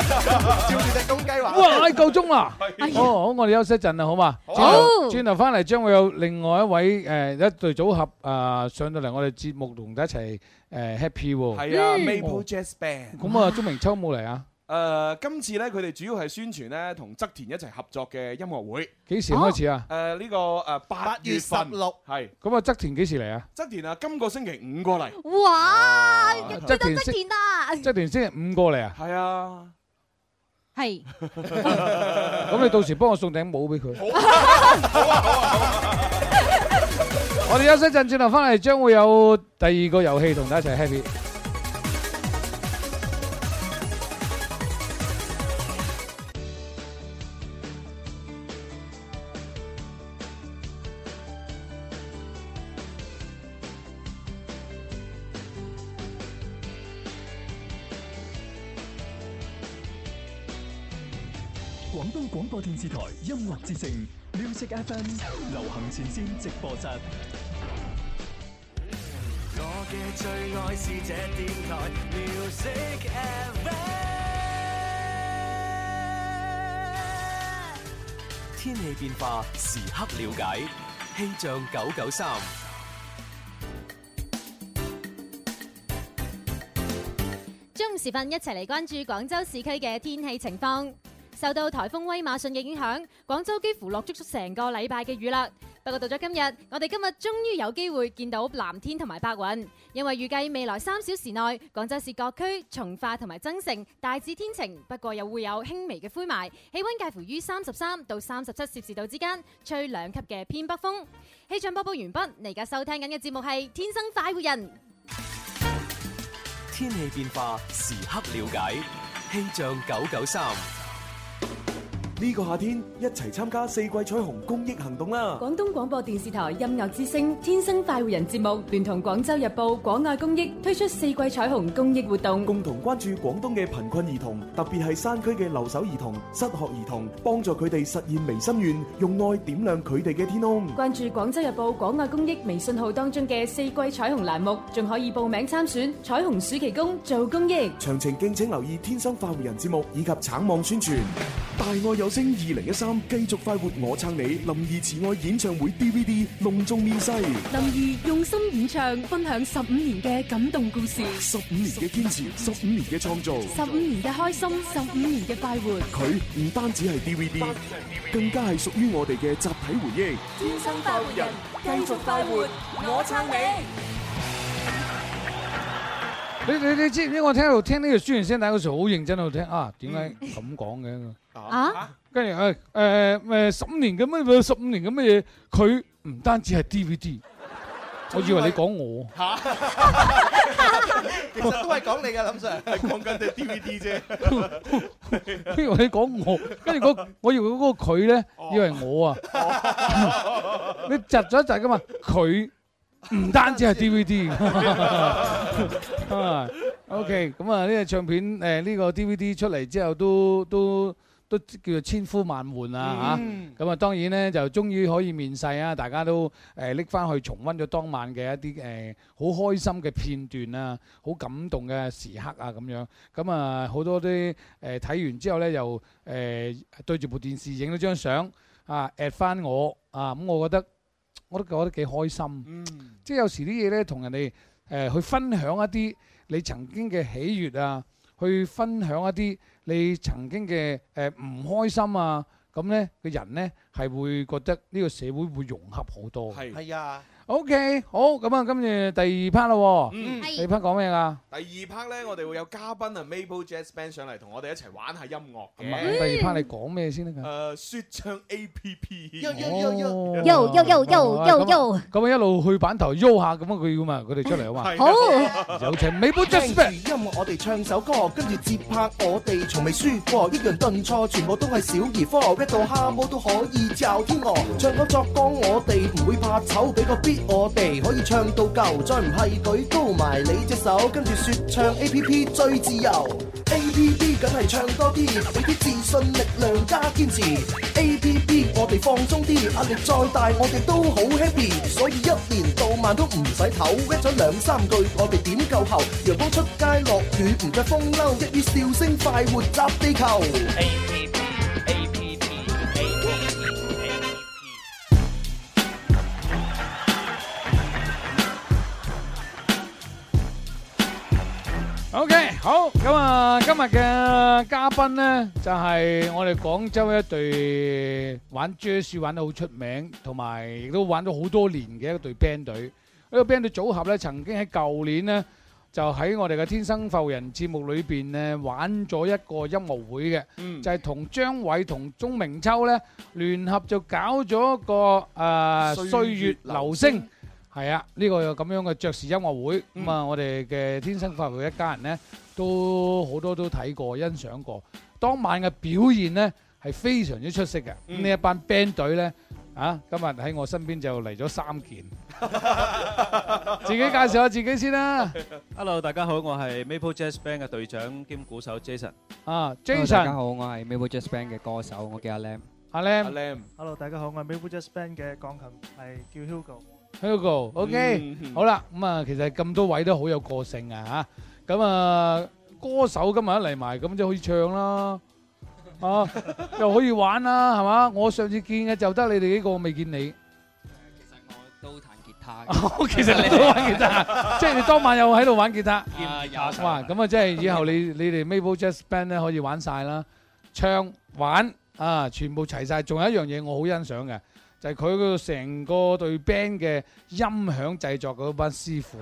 照住隻公雞畫。哇！哎，夠鐘啦。哦，好，我哋休息一陣啦，好嘛？好，轉頭翻嚟將會有另外一位誒。誒，一對組合啊，上到嚟我哋節目同大家一齊誒 happy 喎。係啊，Maple Jazz Band。咁啊，鍾明秋冇嚟啊。誒，今次咧佢哋主要係宣傳咧同側田一齊合作嘅音樂會。幾時開始啊？誒，呢個誒八月十六係。咁啊，側田幾時嚟啊？側田啊，今個星期五過嚟。哇！側田側田啊！側田星期五過嚟啊？係啊。係。咁你到時幫我送頂帽俾佢。好啊，好啊，好啊。我哋休息陣，轉頭翻嚟，將會有第二個遊戲同大家一齊 happy。廣東廣播電視台音樂之聲。即加分，流行前線直播室。我嘅最愛是這電台。天氣變化，時刻了解，氣象九九三。中午時分，一齊嚟關注廣州市區嘅天氣情況。受到台風威馬遜嘅影響，廣州幾乎落足咗成個禮拜嘅雨啦。不過到咗今日，我哋今日終於有機會見到藍天同埋白雲，因為預計未來三小時內，廣州市各區從化同埋增城大致天晴，不過又會有輕微嘅灰霾，氣温介乎於三十三到三十七攝氏度之間，吹兩級嘅偏北風。氣象播報完畢，你而家收聽緊嘅節目係《天生快活人》，天氣變化，時刻了解，氣象九九三。呢個夏天一齊參加四季彩虹公益行動啦！廣東廣播電視台音樂之聲《天生快活人》節目聯同廣州日報廣愛公益推出四季彩虹公益活動，共同關注廣東嘅貧困兒童，特別係山區嘅留守兒童、失學兒童，幫助佢哋實現微心願，用愛點亮佢哋嘅天空。關注廣州日報廣愛公益微信號當中嘅四季彩虹欄目，仲可以報名參選彩虹暑期工做公益。詳情敬請留意《天生快活人》節目以及橙網宣傳。大愛有。星二零一三繼續快活，我撐你。林儀慈愛演唱會 DVD 隆重面世。林儀用心演唱，分享十五年嘅感動故事。十五年嘅堅持，十五年嘅創造，十五年嘅開心，十五年嘅快活。佢唔單止係 DVD，更加係屬於我哋嘅集體回憶。天生快活人，繼續快活，我撐你。你你你知唔知？我聽喺度聽呢個舒言聲帶嗰時，好認真喺度聽啊！點解咁講嘅？啊？跟住誒誒誒十五年嘅乜十五年嘅嘢，佢唔單止係 DVD。我以為你講我，其實都係講你嘅，林 sir 係講緊啲 DVD 啫。以為你講我，跟住我，以為嗰個佢咧，以為我啊。啊 你窒咗一窒㗎嘛？佢唔單止係 DVD。O K，咁啊呢個唱片誒呢、呃呢個 DVD 出嚟之後都都。都都都都叫做千呼萬喚啊嚇！咁、嗯、啊當然咧就終於可以面世啊！大家都誒拎翻去重溫咗當晚嘅一啲誒好開心嘅片段啊，好感動嘅時刻啊咁樣。咁啊好多啲誒睇完之後咧又誒對住部電視影咗張相啊 at 翻我啊咁、嗯，我覺得我都覺得幾開心。嗯、即係有時啲嘢咧同人哋誒、呃、去分享一啲你曾經嘅喜悅啊，去分享一啲。你曾經嘅誒唔開心啊，咁咧嘅人咧。係會覺得呢個社會會融合好多。係係啊。OK 好咁啊，跟住第二 part 咯。嗯。第二 part 講咩噶？第二 part 咧，我哋會有嘉賓啊，Maple Jazz Band 上嚟同我哋一齊玩下音樂嘅。第二 part 你講咩先咧？誒，説唱 APP。哦。Yo yo yo yo yo yo。咁啊，一路去板頭喐下咁啊，佢咁啊，佢哋出嚟啊嘛。好。有請 Maple Jazz Band，音樂我哋唱首歌，跟住節拍我哋從未輸過，抑揚頓挫全部都係小兒科，一到哈摩都可以。自由天鵝，唱歌作歌，我哋唔會怕醜。俾個 beat 我哋可以唱到夠，再唔係舉高埋你隻手，跟住説唱 A P P 最自由，A P P 梗係唱多啲，俾啲自信力量加堅持，A P P 我哋放鬆啲，壓力再大我哋都好 happy，所以一年到晚都唔使唞，説咗兩三句我哋點夠喉，陽光出街落雨唔再風褸，一於笑聲快活砸地球。O.K. 好，咁啊，今日嘅嘉賓咧就係我哋廣州一隊玩 Jazz 玩得好出名，同埋亦都玩咗好多年嘅一隊 band 隊。呢個 band 隊組合咧，曾經喺舊年咧就喺我哋嘅天生浮人節目裏邊咧玩咗一個音樂會嘅，就係同張偉同鍾明秋咧聯合就搞咗個誒歲月流星。係啊，呢個有咁樣嘅爵士音樂會咁啊！我哋嘅天生快樂一家人天生快活人一家人咧，都好多都睇過欣賞過。當晚嘅表現咧係非常之出色嘅。呢一班 band 隊咧啊，今日喺我身邊就嚟咗三件，自己介紹下自己先啦。Hello，大家好，我係 Maple Jazz Band 嘅隊長兼鼓手 Jason。啊，Jason，大家好，我係 Maple Jazz Band 嘅歌手，我叫阿 Lam。阿 Lam，阿 Lam，Hello，大家好，我係 Maple Jazz Band 嘅鋼琴，係叫 Hugo。Hello，OK，好啦，咁啊，其實咁多位都好有個性啊，吓咁啊，歌手今日一嚟埋，咁就可以唱啦，啊，又可以玩啦，係嘛？我上次見嘅就得你哋幾個，未見你。其實我都彈吉他嘅，其實你都玩吉他，即係你當晚又喺度玩吉他。啊，有，咁啊，即係以後你你哋 Maple Jazz Band 咧可以玩晒啦，唱玩啊，全部齊晒，仲有一樣嘢我好欣賞嘅。就係佢嗰個成個隊 band 嘅音響製作嗰班師傅，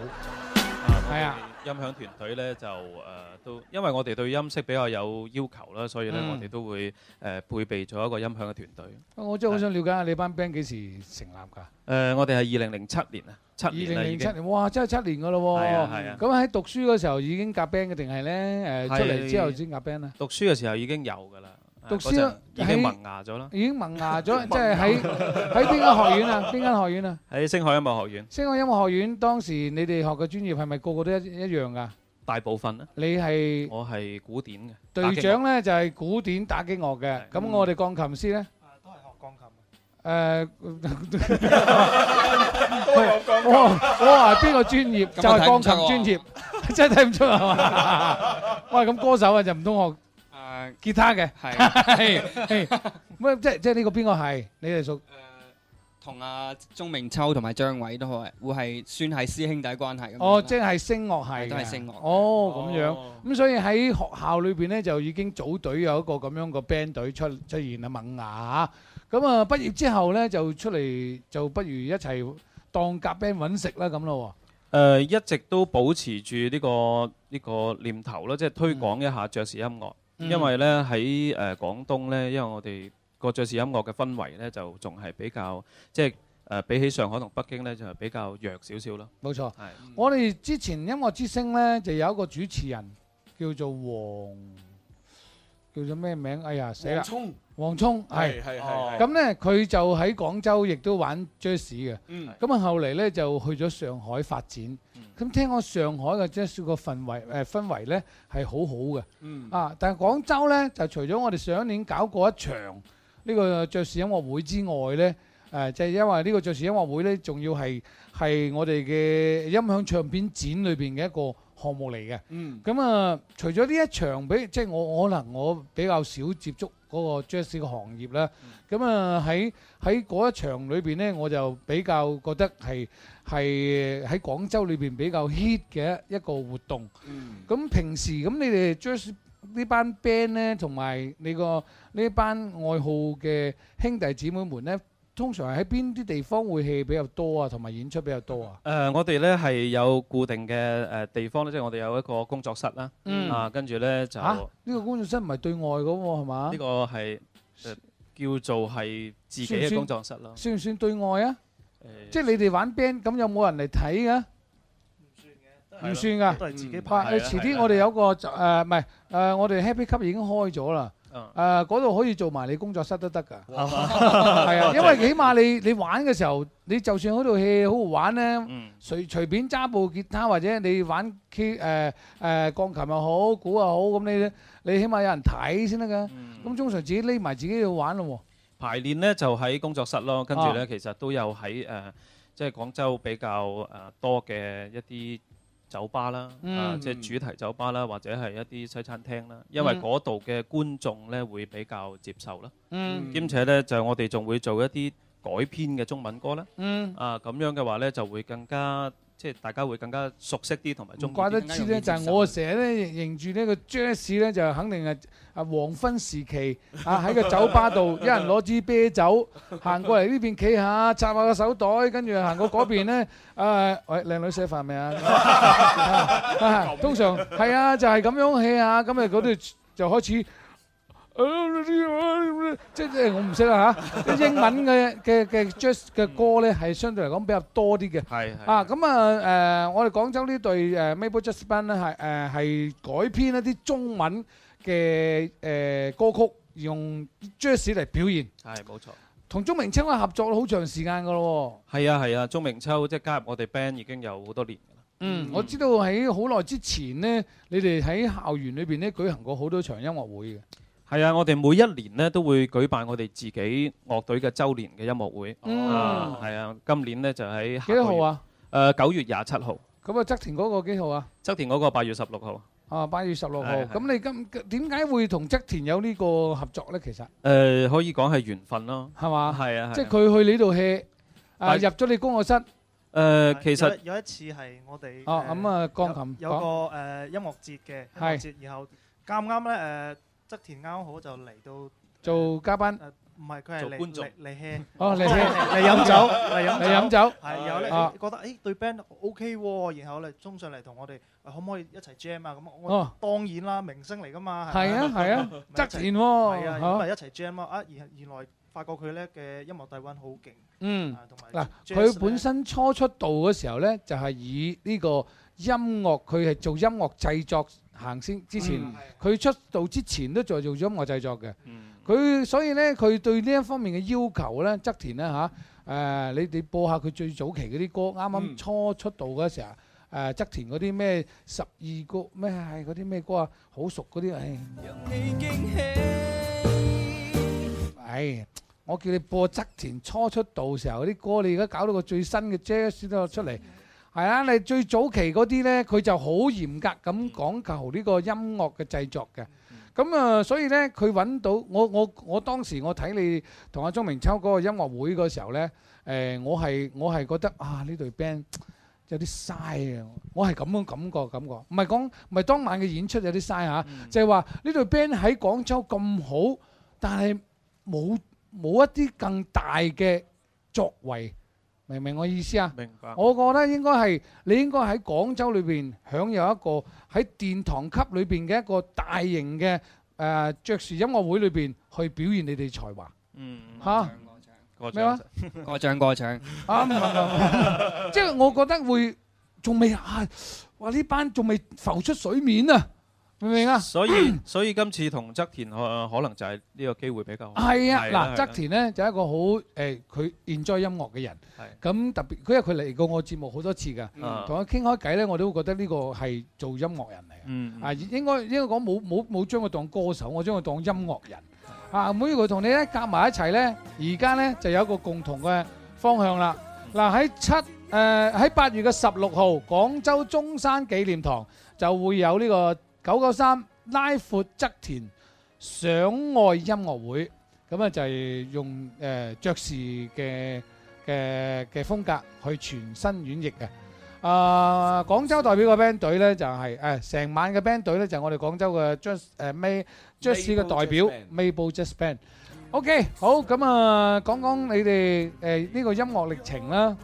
係啊，音響團隊咧就誒、呃、都，因為我哋對音色比較有要求啦，所以咧、嗯、我哋都會誒、呃、配備咗一個音響嘅團隊。我真係好想了解下是你班 band 幾時成立㗎？誒、呃，我哋係二零零七年啊，七二零零七年，哇，真係七年㗎咯喎！啊咁喺、啊、讀書嗰時候已經夾 band 嘅定係咧？誒是，出嚟之後先夾 band 啊？讀書嘅時候已經有㗎啦。讀書已經萌芽咗啦，已經萌芽咗，即係喺喺邊間學院啊？邊間學院啊？喺星海音樂學院。星海音樂學院當時你哋學嘅專業係咪個個都一一樣噶？大部分咧。你係我係古典嘅。隊長咧就係古典打擊樂嘅，咁我哋鋼琴師咧？都係學鋼琴。誒，都係學鋼琴。我話邊個專業？就係鋼琴專業，真係睇唔出啊！哇，咁歌手啊就唔通學？吉他嘅係，咩即係即係呢個邊個係？你哋屬誒，同阿鍾明秋同埋張偉都好，會係算係師兄弟關係。哦，即係聲樂系，都係聲樂。哦，咁樣。咁所以喺學校裏邊咧，就已經組隊有一個咁樣嘅 band 隊出出現啦，萌芽啊。咁啊，畢業之後咧，就出嚟就不如一齊當夾 band 揾食啦，咁咯。誒，一直都保持住呢個呢個念頭咯，即係推廣一下爵士音樂。因為呢，喺誒廣東呢，因為我哋個爵士音樂嘅氛圍呢，就仲係比較即係比起上海同北京呢，就係比較弱少少咯。冇錯，係我哋之前音樂之星呢，就有一個主持人叫做黃。叫做咩名？哎呀，死啦！王聰，王聰，係係係。咁咧，佢就喺廣州亦都玩爵士嘅。嗯。咁啊，後嚟咧就去咗上海發展。嗯。咁聽講上海嘅爵士個氛圍誒氛圍咧係好好嘅。嗯。啊，但係廣州咧就除咗我哋上一年搞過一場呢個爵士音樂會之外咧，誒，就係因為呢個爵士音樂會咧，仲要係係我哋嘅音響唱片展裏邊嘅一個。項目嚟嘅，咁啊，除咗呢一場，比即係我，我可能我比較少接觸嗰個爵士嘅行業啦。咁啊，喺喺嗰一場裏邊咧，我就比較覺得係係喺廣州裏邊比較 hit 嘅一個活動。咁平時咁，你哋爵士呢班 band 咧，同埋你個呢班愛好嘅兄弟姊妹們咧，通常係喺邊啲地方會戲比較多啊，同埋演出比較多啊？誒，我哋咧係有固定嘅誒地方咧，即係我哋有一個工作室啦，啊，跟住咧就啊，呢個工作室唔係對外㗎喎，係嘛？呢個係叫做係自己嘅工作室咯，算唔算對外啊？誒，即係你哋玩 band，咁有冇人嚟睇啊？唔算嘅，都係都係自己拍。誒，遲啲我哋有個誒，唔係誒，我哋 Happy Cup 已經開咗啦。誒，嗰度可以做埋你工作室都得㗎，係啊，因為起碼你你玩嘅時候，你就算嗰套戲好好玩咧，隨隨便揸部吉他或者你玩 key 誒誒鋼琴又好，鼓又好，咁你你起碼有人睇先得㗎。咁通常自己匿埋自己去玩咯。排練咧就喺工作室咯，跟住咧其實都有喺誒，即係廣州比較誒多嘅一啲。酒吧啦，嗯、啊，即、就、係、是、主題酒吧啦，或者係一啲西餐廳啦，因為嗰度嘅觀眾咧會比較接受啦，兼、嗯、且咧就我哋仲會做一啲改編嘅中文歌啦，嗯、啊，咁樣嘅話咧就會更加。即係大家會更加熟悉啲，同埋仲怪得知咧，就係我成日咧認住呢個 Jazz 咧，就肯定係啊黃昏時期 啊喺個酒吧度， 一人攞支啤酒行過嚟呢邊企下，插下個手袋，跟住行過嗰邊咧，誒、啊、喂靚女食飯未啊？通常係啊，就係、是、咁樣企下，咁誒嗰度就開始。 即即我唔識啦嚇，啊、 英文嘅嘅嘅 jazz 嘅歌呢係相對嚟講比較多啲嘅。係係啊，咁啊誒，我哋廣州呢隊誒 Maple Jazz Band 咧，係誒係改編一啲中文嘅誒歌曲，用 jazz 嚟表現。係冇錯，同鐘明秋啦合作咗好長時間噶咯。係啊係啊，鐘明秋即加入我哋 band 已經有好多年。嗯，我知道喺好耐之前呢，你哋喺校園裏邊呢舉行過好多場音樂會嘅。係啊，我哋每一年咧都會舉辦我哋自己樂隊嘅週年嘅音樂會。嗯，係啊，今年咧就喺幾多號啊？誒，九月廿七號。咁啊，側田嗰個幾號啊？側田嗰個八月十六號。啊，八月十六號。咁你今點解會同側田有呢個合作咧？其實誒，可以講係緣分咯。係嘛？係啊，即係佢去呢度戲啊，入咗你工作室。誒，其實有一次係我哋哦，咁啊，鋼琴有個誒音樂節嘅音樂節，然後啱啱咧誒。側田啱好就嚟到做嘉賓，唔係佢係嚟做觀眾嚟 hea，好嚟 hea 嚟飲酒嚟飲酒，係然後咧覺得誒對 band OK 喎，然後咧衝上嚟同我哋可唔可以一齊 jam 啊？咁我當然啦，明星嚟㗎嘛，係啊係啊，側田，係啊，咁咪一齊 jam 啊！啊，原原來發覺佢咧嘅音樂底藴好勁，嗯，同埋嗱佢本身初出道嘅時候咧就係以呢個音樂，佢係做音樂製作。行先之前，佢、嗯、出道之前都在做音樂製作嘅。佢、嗯、所以咧，佢對呢一方面嘅要求咧，側田咧吓，誒、啊呃，你哋播下佢最早期嗰啲歌，啱啱初出道嗰時候啊。誒、嗯，側、呃、田嗰啲咩十二個咩係啲咩歌啊、哎，好熟嗰啲、哎、有你驚喜，唉、哎，我叫你播側田初出道時候嗰啲歌，你而家搞到個最新嘅啫先得出嚟。嗯。係啊，你最早期嗰啲呢，佢就好嚴格咁講求呢個音樂嘅製作嘅。咁啊，所以呢，佢揾到我，我我當時我睇你同阿鍾明秋嗰個音樂會嗰時候呢，誒，我係我係覺得啊，呢隊 band 有啲嘥啊，我係咁樣感覺感覺。唔係講，唔係當晚嘅演出有啲嘥嚇，就係話呢隊 band 喺廣州咁好，但係冇冇一啲更大嘅作為。明唔明我意思啊？明白。我覺得應該係你應該喺廣州裏邊享有一個喺殿堂級裏邊嘅一個大型嘅誒爵士音樂會裏邊去表現你哋才華。嗯。嚇。咩話？過獎過請。啱。即係我覺得會仲未啊？哇呢班仲未浮出水面啊？明唔明啊？所以所以今次同側田可可能就係呢個機會比較好。係啊，嗱，側田咧就係一個好誒，佢 enjoy 音樂嘅人。係咁特別，佢因為佢嚟過我節目好多次㗎，同佢傾開偈咧，我都會覺得呢個係做音樂人嚟。嗯。啊，應該應該講冇冇冇將佢當歌手，我將佢當音樂人。啊，每個同你咧夾埋一齊咧，而家咧就有一個共同嘅方向啦。嗱，喺七誒喺八月嘅十六號，廣州中山紀念堂就會有呢個。九九三拉闊側田想愛音樂會，咁啊就係用誒爵士嘅嘅嘅風格去全新演繹嘅啊，廣州代表個 band 隊咧就係誒成晚嘅 band 隊咧就係我哋廣州嘅 jazz 誒 Maple jazz 嘅代表 Maple Jazz Band。OK 好，咁啊講講你哋誒呢個音樂歷程啦。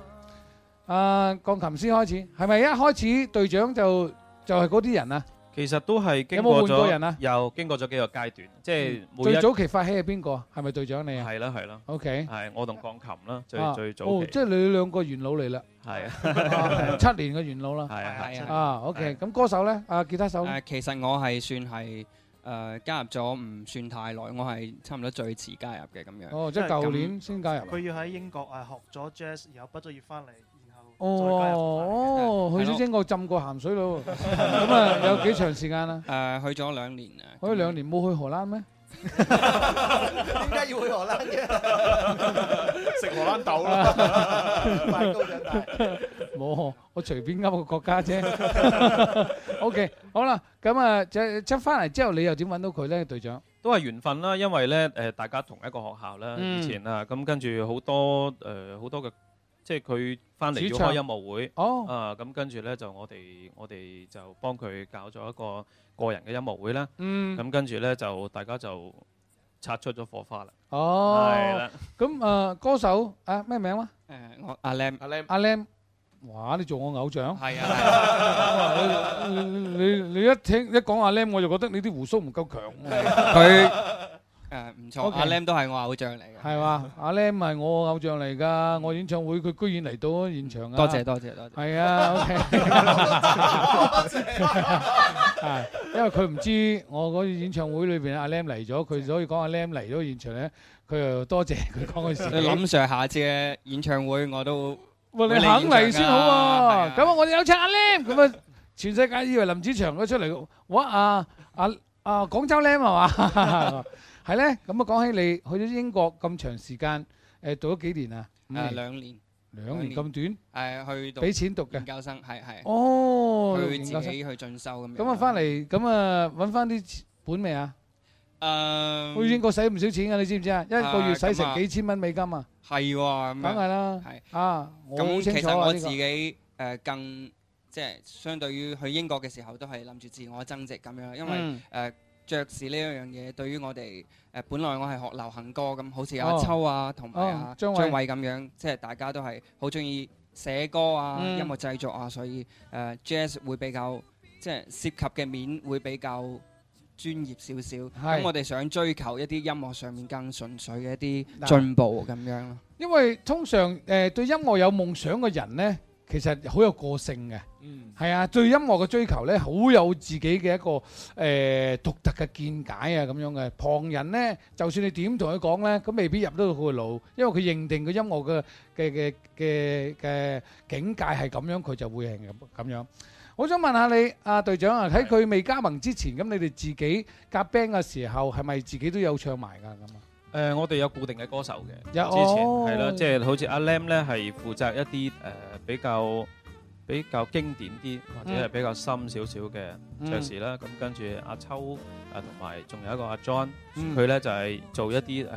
啊鋼琴師，開始係咪一開始隊長就就係嗰啲人啊？其實都係經過咗，有冇換過人呀？又經過咗幾個階段，即係最早期發起係邊個？係咪隊長你啊？係啦係啦。O K，係我同鋼琴啦，最最早。哦，即係你兩個元老嚟啦，係啊，七年嘅元老啦。係啊係啊。啊，O K，咁歌手咧，啊，吉他手。誒，其實我係算係誒加入咗唔算太耐，我係差唔多最遲加入嘅咁樣。哦，即係舊年先加入。佢要喺英國誒學咗 jazz，然後畢咗業翻嚟。哦哦，去咗英國我浸過鹹水咯，咁啊有幾長時間啊？誒去咗兩年啊！去咗兩年冇去荷蘭咩？點解要去荷蘭嘅？食荷蘭豆啦，買高枕大。冇，我隨便噏個國家啫。O K，好啦，咁啊即即翻嚟之後，你又點揾到佢咧，隊長？都係緣分啦，因為咧誒大家同一個學校啦，以前啊，咁跟住好多誒好多嘅。即係佢翻嚟要開音樂會，啊咁跟住咧就我哋我哋就幫佢搞咗一個個人嘅音樂會啦。咁跟住咧就大家就擦出咗火花啦。哦，係啦。咁啊歌手啊咩名啊？誒，阿 Lam 阿 Lam 阿 Lam，哇！你做我偶像？係啊。你你一聽一講阿 Lam 我就覺得你啲胡鬚唔夠強。佢。誒，唔錯，阿 Lam 都係我偶像嚟嘅。係嘛？阿 Lam 係我偶像嚟噶我演唱會佢居然嚟到現場啊！多謝多謝多謝。係啊，OK。係，因為佢唔知我嗰次演唱會裏邊阿 Lam 嚟咗，佢所以講阿 Lam 嚟咗現場咧，佢又多謝佢講嗰啲。林 Sir 下次嘅演唱會我都，你肯嚟先好啊！咁啊，我哋有請阿 Lam，咁啊，全世界以為林子祥都出嚟，哇！阿阿阿廣州 Lam 係嘛？係咧，咁啊，講起你去咗英國咁長時間，誒讀咗幾年啊？誒兩年，兩年咁短。誒去讀。俾錢讀嘅研究生，係係。哦，去自己去進修咁樣。咁啊，翻嚟咁啊，揾翻啲本未啊？誒去英國使唔少錢啊，你知唔知啊？一個月使成幾千蚊美金啊？係喎，梗係啦。係啊，咁其實我自己誒更即係相對於去英國嘅時候，都係諗住自我增值咁樣，因為誒。爵士呢一樣嘢，對於我哋誒、呃，本來我係學流行歌咁，好似阿秋啊，同埋啊、哦、張偉咁樣，即係大家都係好中意寫歌啊、嗯、音樂製作啊，所以誒、呃、Jazz 會比較即係涉及嘅面會比較專業少少，咁是、嗯、我哋想追求一啲音樂上面更純粹嘅一啲進步咁樣。因為通常誒、呃、對音樂有夢想嘅人咧。其實好有個性嘅，嗯，係啊，對音樂嘅追求呢，好有自己嘅一個誒獨特嘅見解啊，咁樣嘅旁人呢，就算你點同佢講呢，咁未必入得到佢個腦，因為佢認定個音樂嘅嘅嘅嘅嘅境界係咁樣，佢就會係咁咁樣。我想問下你，阿隊長啊，喺佢未加盟之前，咁你哋自己夾 band 嘅時候，係咪自己都有唱埋㗎咁啊？誒，我哋有固定嘅歌手嘅，之前係咯，即係好似阿 Lam 咧，係負責一啲誒比較比較經典啲或者係比較深少少嘅爵士啦。咁跟住阿秋啊，同埋仲有一個阿 John，佢咧就係做一啲誒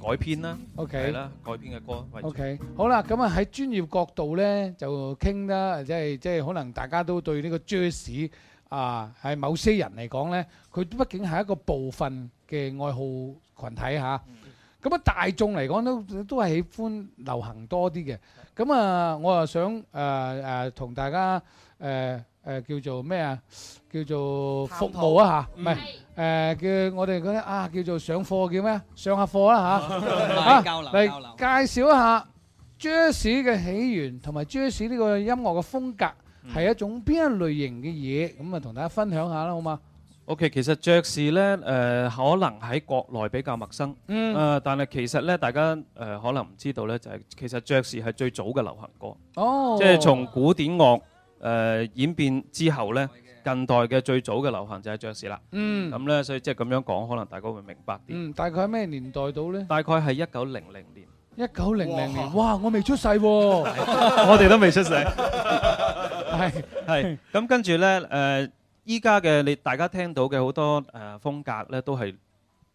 改編啦，係啦，改編嘅歌。OK，好啦，咁啊喺專業角度咧，就傾啦，即係即係可能大家都對呢個 Jazz 啊，係某些人嚟講咧，佢畢竟係一個部分嘅愛好。群體吓，咁啊、嗯、大眾嚟講都都係喜歡流行多啲嘅，咁啊我又想誒誒同大家誒誒叫做咩啊，叫做服務啊吓，唔係誒叫我哋嗰啲啊叫做上課叫咩啊，上下課啦吓吓，嚟交流交流，介紹一下 Jazz 嘅起源同埋 Jazz 呢個音樂嘅風格係、嗯、一種邊一類型嘅嘢，咁啊同大家分享下啦好嘛？OK，其實爵士咧，誒可能喺國內比較陌生，誒，但係其實咧，大家誒可能唔知道咧，就係其實爵士係最早嘅流行歌，即係從古典樂誒演變之後咧，近代嘅最早嘅流行就係爵士啦。咁咧，所以即係咁樣講，可能大家會明白啲。大概喺咩年代到咧？大概係一九零零年。一九零零年，哇！我未出世，我哋都未出世。係係，咁跟住咧，誒。依家嘅你大家聽到嘅好多誒、呃、風格咧，都係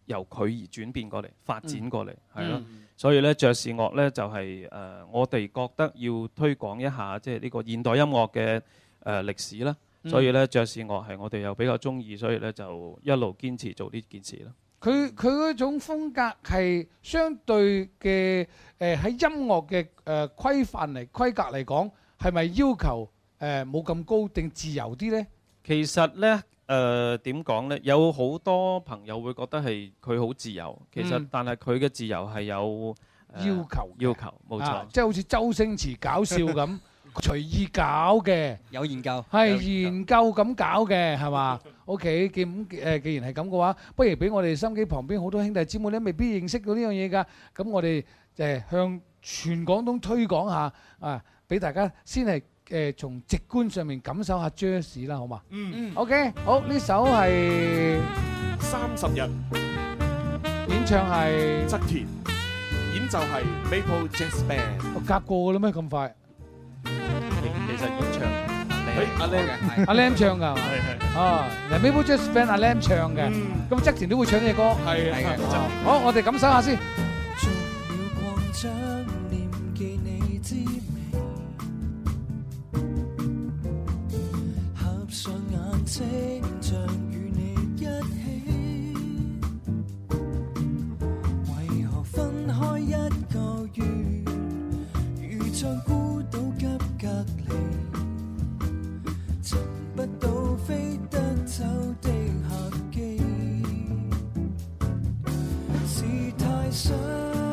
由佢而轉變過嚟、發展過嚟，係咯、嗯。所以咧爵士樂咧就係、是、誒、呃、我哋覺得要推廣一下，即係呢個現代音樂嘅誒歷史啦。所以咧爵士樂係我哋又比較中意，所以咧就一路堅持做呢件事啦。佢佢嗰種風格係相對嘅誒喺音樂嘅誒規範嚟、規格嚟講，係咪要求誒冇咁高定自由啲咧？其實呢，誒點講呢？有好多朋友會覺得係佢好自由，其實但係佢嘅自由係有要求，要求冇錯，即係好似周星馳搞笑咁隨意搞嘅，有研究係研究咁搞嘅，係嘛？OK，既咁誒，既然係咁嘅話，不如俾我哋心機旁邊好多兄弟姊妹咧，未必認識到呢樣嘢㗎。咁我哋誒向全廣東推廣下啊，俾大家先係。誒，從直觀上面感受下 Jazz 啦，好嘛？嗯，OK，好，呢首係三十日，演唱係側田，演奏係 Maple Jazz Band。我夾過啦咩？咁快？其實演唱係阿 Lam 嘅，阿 Lam 唱㗎。係係。啊，嗱，Maple Jazz Band 阿 Lam 唱嘅，咁側田都會唱呢啲歌。係啊，係啊，好，我哋感受下先。想像與你一起，為何分開一個月，如像孤島給隔離，尋不到飛得走的客機，是太想。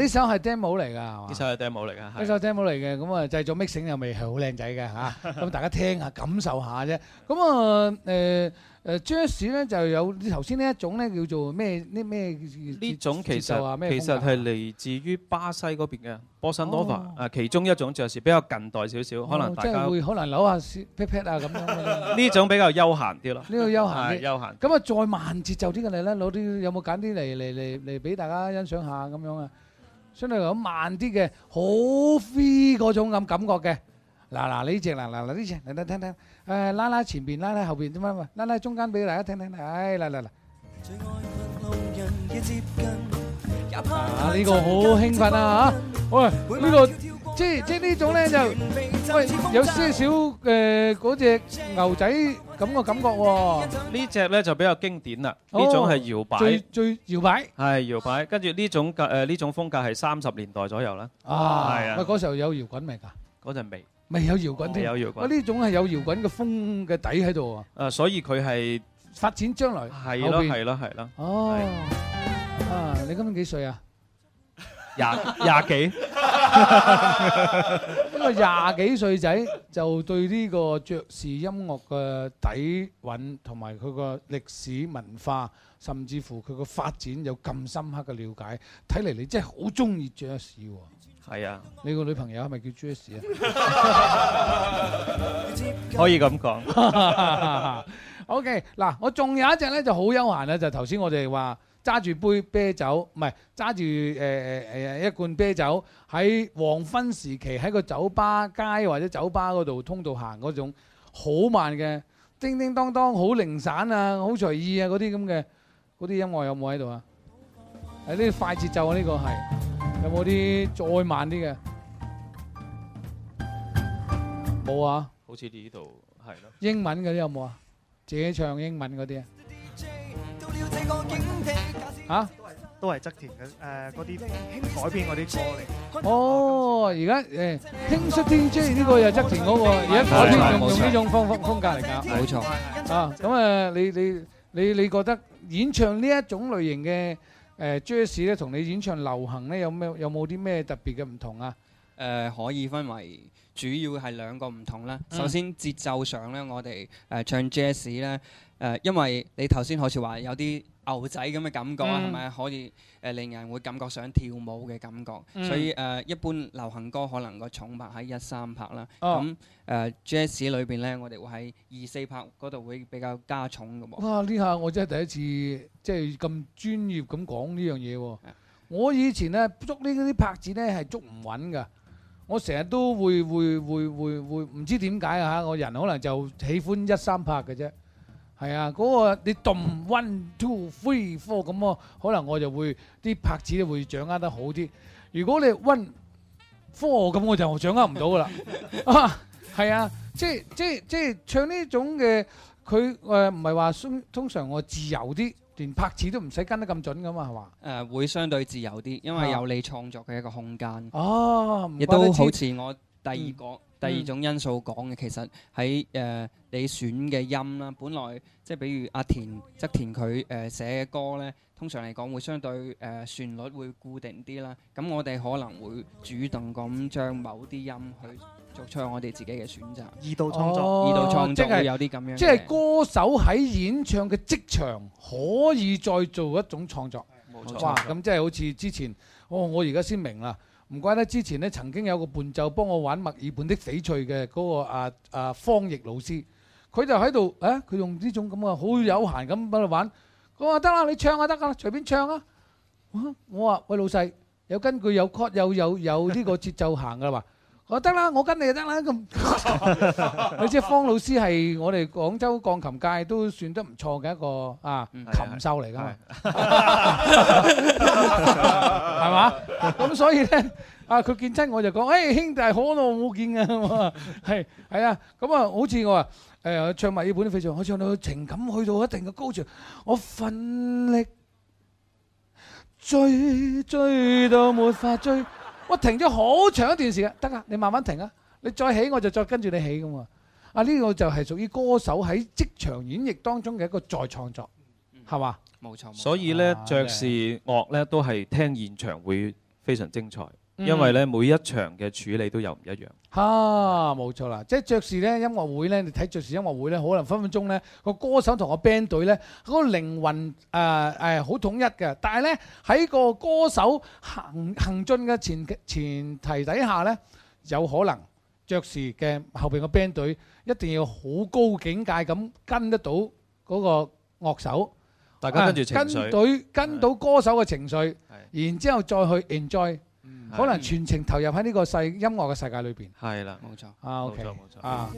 呢首係 demo 嚟㗎，係嘛？呢首係 demo 嚟㗎，呢首 demo 嚟嘅，咁啊製作 mixing 又咪係好靚仔嘅嚇，咁大家聽下感受下啫。咁啊誒誒 jazz 咧就有頭先呢一種咧叫做咩呢咩？呢種其實其實係嚟自於巴西嗰邊嘅波薩諾瓦啊，其中一種爵士比較近代少少，可能大家即係會可能扭下 pat pat 啊咁樣。呢種比較悠閒啲咯，呢個悠閒，悠閒。咁啊再慢節奏啲嘅你呢，攞啲有冇揀啲嚟嚟嚟嚟俾大家欣賞下咁樣啊？相對嚟講慢啲嘅，好 free 嗰種咁感覺嘅。嗱嗱，呢隻嗱嗱嗱呢隻，嚟嚟聽聽。誒，拉拉前邊，拉拉後邊，點樣？拉拉中間俾大家聽聽。哎，嚟嚟嚟。啊，呢個好興奮啊！嚇，喂，呢個。即即呢種咧就喂有些少誒嗰隻牛仔咁嘅感覺喎，呢隻咧就比較經典啦，呢種係搖擺，最最搖擺，係搖擺，跟住呢種格誒呢種風格係三十年代左右啦，啊，係啊，喂嗰時候有搖滾未㗎？嗰陣未，未有搖滾添，有搖滾，呢種係有搖滾嘅風嘅底喺度啊，誒，所以佢係發展將來係咯係咯係咯，哦，啊，你今年幾歲啊？廿廿幾，咁啊廿幾歲仔就對呢個爵士音樂嘅底蘊同埋佢個歷史文化，甚至乎佢個發展有咁深刻嘅了解，睇嚟你真係好中意爵士喎。係啊，你個女朋友係咪叫爵士啊？可以咁講。OK，嗱，我仲有一隻咧就好悠閒啊，就頭先我哋話。揸住杯啤酒，唔係揸住誒誒誒一罐啤酒，喺黃昏時期喺個酒吧街或者酒吧嗰度通道行嗰種，好慢嘅，叮叮當當，好零散啊，好隨意啊，嗰啲咁嘅嗰啲音樂有冇喺度啊？冇喎，係呢個快節奏啊！呢個係有冇啲再慢啲嘅？冇啊，好似呢度係咯。英文嗰啲有冇啊？自己唱英文嗰啲啊？吓，都係都係側田嘅誒，嗰啲改編嗰啲歌嚟。哦，而家誒輕爵士呢個又側田嗰個，而家改編用用呢種方方風格嚟噶。冇錯啊，咁誒，你你你你覺得演唱呢一種類型嘅誒爵士咧，同你演唱流行咧，有咩有冇啲咩特別嘅唔同啊？誒，可以分為。主要係兩個唔同啦。首先節奏上咧，我哋誒、呃、唱 Jazz 咧誒，因為你頭先好似話有啲牛仔咁嘅感覺啊，係咪、嗯、可以誒令人會感覺想跳舞嘅感覺？嗯、所以誒、呃、一般流行歌可能個重拍喺一三拍啦。咁誒 Jazz 裏邊咧，我哋會喺二四拍嗰度會比較加重㗎喎、啊。哇！呢下我真係第一次即係咁專業咁講呢樣嘢喎。嗯、我以前咧捉呢啲拍子咧係捉唔穩㗎。我成日都會會會會會唔知點解啊嚇！我人可能就喜歡一三拍嘅啫，係啊，嗰個你動 one two three four 咁啊，可能我就會啲拍子會掌握得好啲。如果你 one four 咁，我就掌握唔到噶啦啊！係啊，即係即係即係唱呢種嘅，佢誒唔係話通常我自由啲。連拍子都唔使跟得咁準㗎嘛，係嘛？誒、呃，會相對自由啲，因為有你創作嘅一個空間。哦，亦都好似我第二個、嗯、第二種因素講嘅，其實喺誒、呃、你選嘅音啦，本來即係比如阿田側、哦、田佢誒、呃、寫嘅歌咧，通常嚟講會相對誒旋律會固定啲啦。咁我哋可能會主動咁將某啲音去，做唱我哋自己嘅選擇，二度創作，二度創作即係有啲咁樣，即係歌手喺演唱嘅職場可以再做一種創作，冇錯。哇！咁即係好似之前，哦，我而家先明啦，唔怪得之前咧曾經有個伴奏幫我玩《墨爾本的翡翠》嘅嗰個啊啊方譯老師，佢就喺度，啊，佢用呢種咁嘅好悠閒咁幫你玩，佢話得啦，你唱啊得噶啦，隨便唱啊，我我話喂，老細，有根據有 cut 有有有呢個節奏行噶啦嘛。我得啦，我跟你就得啦咁。嗯、 你知方老師係我哋廣州鋼琴界都算得唔錯嘅一個啊、嗯、琴手嚟㗎，係嘛？ 咁所以咧，啊佢見親我就講，誒、哎、兄弟好耐冇見㗎，係係啊。咁、嗯、啊，好似我啊誒、呃、唱埋呢本非常《飛翔》，我唱到情感去到一定嘅高潮，我奮力追追，追到冇法追。我停咗好長一段時間，得啊，你慢慢停啊！你再起我就再跟住你起咁喎。啊，呢個就係屬於歌手喺即場演繹當中嘅一個再創作，係嘛、嗯？冇錯，冇錯。所以呢，啊，爵士樂呢都係聽現場會非常精彩。因為咧，每一場嘅處理都有唔一樣。嚇，冇錯啦，即係爵士咧，音樂會咧，你睇爵士音樂會咧，可能分分鐘咧，個歌手同個 band 隊咧，嗰個靈魂誒誒好統一嘅。但係咧，喺個歌手行行進嘅前前提底下咧，有可能爵士嘅後邊嘅 band 隊一定要好高境界咁跟得到嗰個樂手。大家跟住情緒。跟隊跟到歌手嘅情緒，然之後再去 enjoy。可能全程投入喺呢個世音樂嘅世界裏邊。係啦，冇錯。啊，OK，冇錯，啊，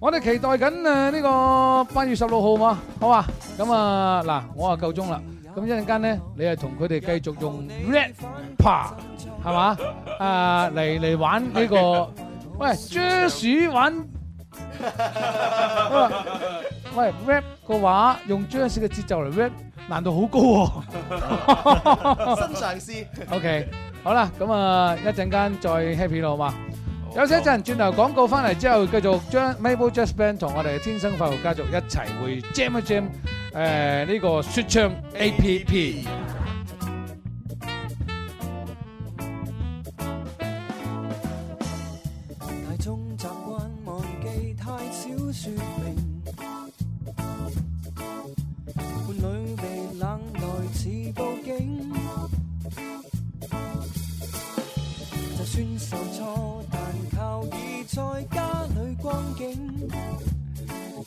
我哋期待緊誒呢個八月十六號嘛，好嘛？咁啊嗱，我啊夠鐘啦。咁一陣間咧，你係同佢哋繼續用 rap，係嘛？誒嚟嚟，玩呢個，喂，Jazz 玩？喂，rap 嘅話用 Jazz 嘅節奏嚟 rap，難度好高哦。新嘗試，OK。好啦，咁啊一陣間再 happy 咯，好嘛？有少陣轉頭廣告翻嚟之後，繼續將 Maple Jazz Band 同我哋嘅天生快活家族一齊會 jam 一 jam 誒呢個説唱 A P P。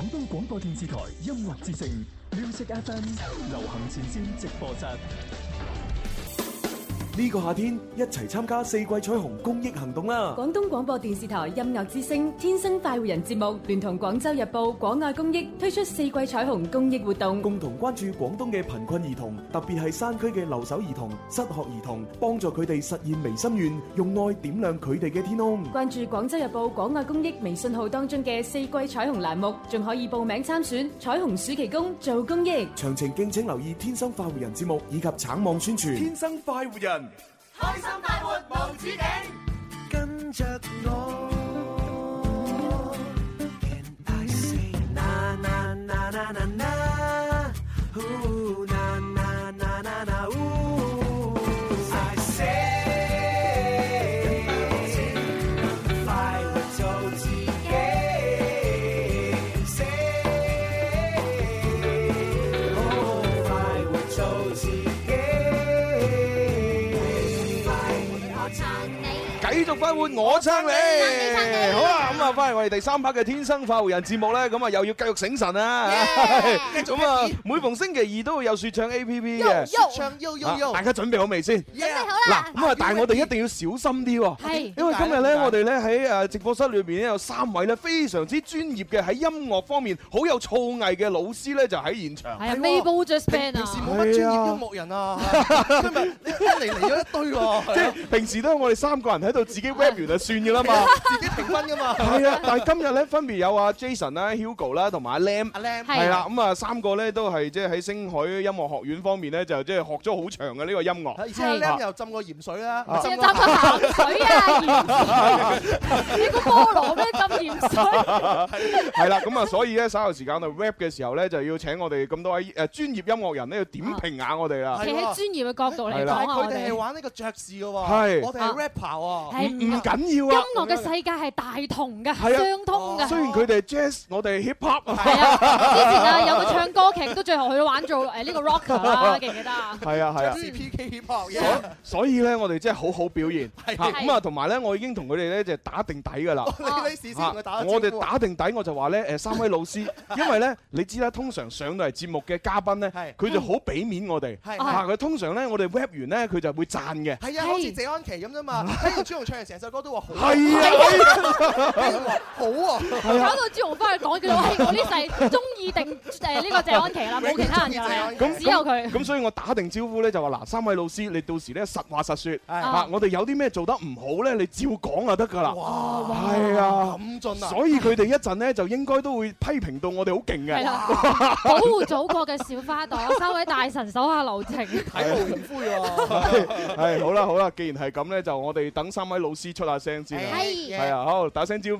廣東廣播電視台音樂之聲，music FM 流行前線直播室。呢個夏天一齊參加四季彩虹公益行動啦！廣東廣播電視台音樂之聲《天生快活人》節目聯同廣州日報廣愛公益推出四季彩虹公益活動，共同關注廣東嘅貧困兒童，特別係山區嘅留守兒童、失學兒童，幫助佢哋實現微心願，用愛點亮佢哋嘅天空。關注廣州日報廣愛公益微信號當中嘅四季彩虹欄目，仲可以報名參選彩虹暑期工做公益。詳情敬請留意《天生快活人》節目以及橙網宣傳。天生快活人。開心快活無止境，跟着我。我撐你，你，唱你唱你唱你好啊！翻嚟我哋第三 part 嘅《天生快活人》節目咧，咁啊又要繼續醒神啦。咁啊，每逢星期二都會有説唱 A P P 嘅。説唱，説唱，説唱，説唱。大家準備好未先？準備好啦。嗱咁啊，但係我哋一定要小心啲喎。係。因為今日咧，我哋咧喺誒直播室裏邊咧有三位咧非常之專業嘅喺音樂方面好有造詣嘅老師咧就喺現場。係啊，Maple Jazz Band 啊。係啊。平時冇乜專業音樂人啊。今日一嚟嚟咗一堆喎。即係平時都係我哋三個人喺度自己 rap 完就算㗎啦嘛。自己評分㗎嘛。但係今日咧，分別有阿 Jason 啦、Hugo 啦，同埋阿 Lam。阿 Lam 係啦，咁啊三個咧都係即係喺星海音樂學院方面咧，就即係學咗好長嘅呢個音樂。而且又浸過鹽水啦，仲要浸水啊！一個菠蘿咩浸鹽水？係啦，咁啊，所以咧稍後時間就 rap 嘅時候咧，就要請我哋咁多位誒專業音樂人咧要點評下我哋啦。其實喺專業嘅角度嚟講，佢哋係玩呢個爵士嘅喎，我哋 rapper 喎，唔緊要啊。音樂嘅世界係大同嘅。係啊，相通㗎。雖然佢哋 jazz，我哋 hip hop 啊，之前啊有個唱歌劇都最後去玩做誒呢個 rocker 啊，記唔記得啊？係啊係啊，上次 PK hip hop 所以咧我哋真係好好表現嚇，咁啊同埋咧，我已經同佢哋咧就打定底㗎啦。我哋打定底我就話咧誒三位老師，因為咧你知啦，通常上到嚟節目嘅嘉賓咧，佢就好俾面我哋，啊佢通常咧我哋 rap 完咧佢就會讚嘅。係啊，好似謝安琪咁啫嘛，喺度主動唱成首歌都話好。啊。好啊！搞到朱紅返去講叫做：我呢世中意定誒呢個謝安琪啦，冇其他人嘅。係啊，只有佢。咁所以我打定招呼咧，就話嗱，三位老師，你到時咧實話實說吓，我哋有啲咩做得唔好咧，你照講就得噶啦。哇！係啊，咁盡啊！所以佢哋一陣咧就應該都會批評到我哋好勁嘅。係啊，保護祖國嘅小花朵，三位大神手下留情，睇我面灰啊！係，好啦，好啦，既然係咁咧，就我哋等三位老師出下聲先。係，係啊，好打聲招呼。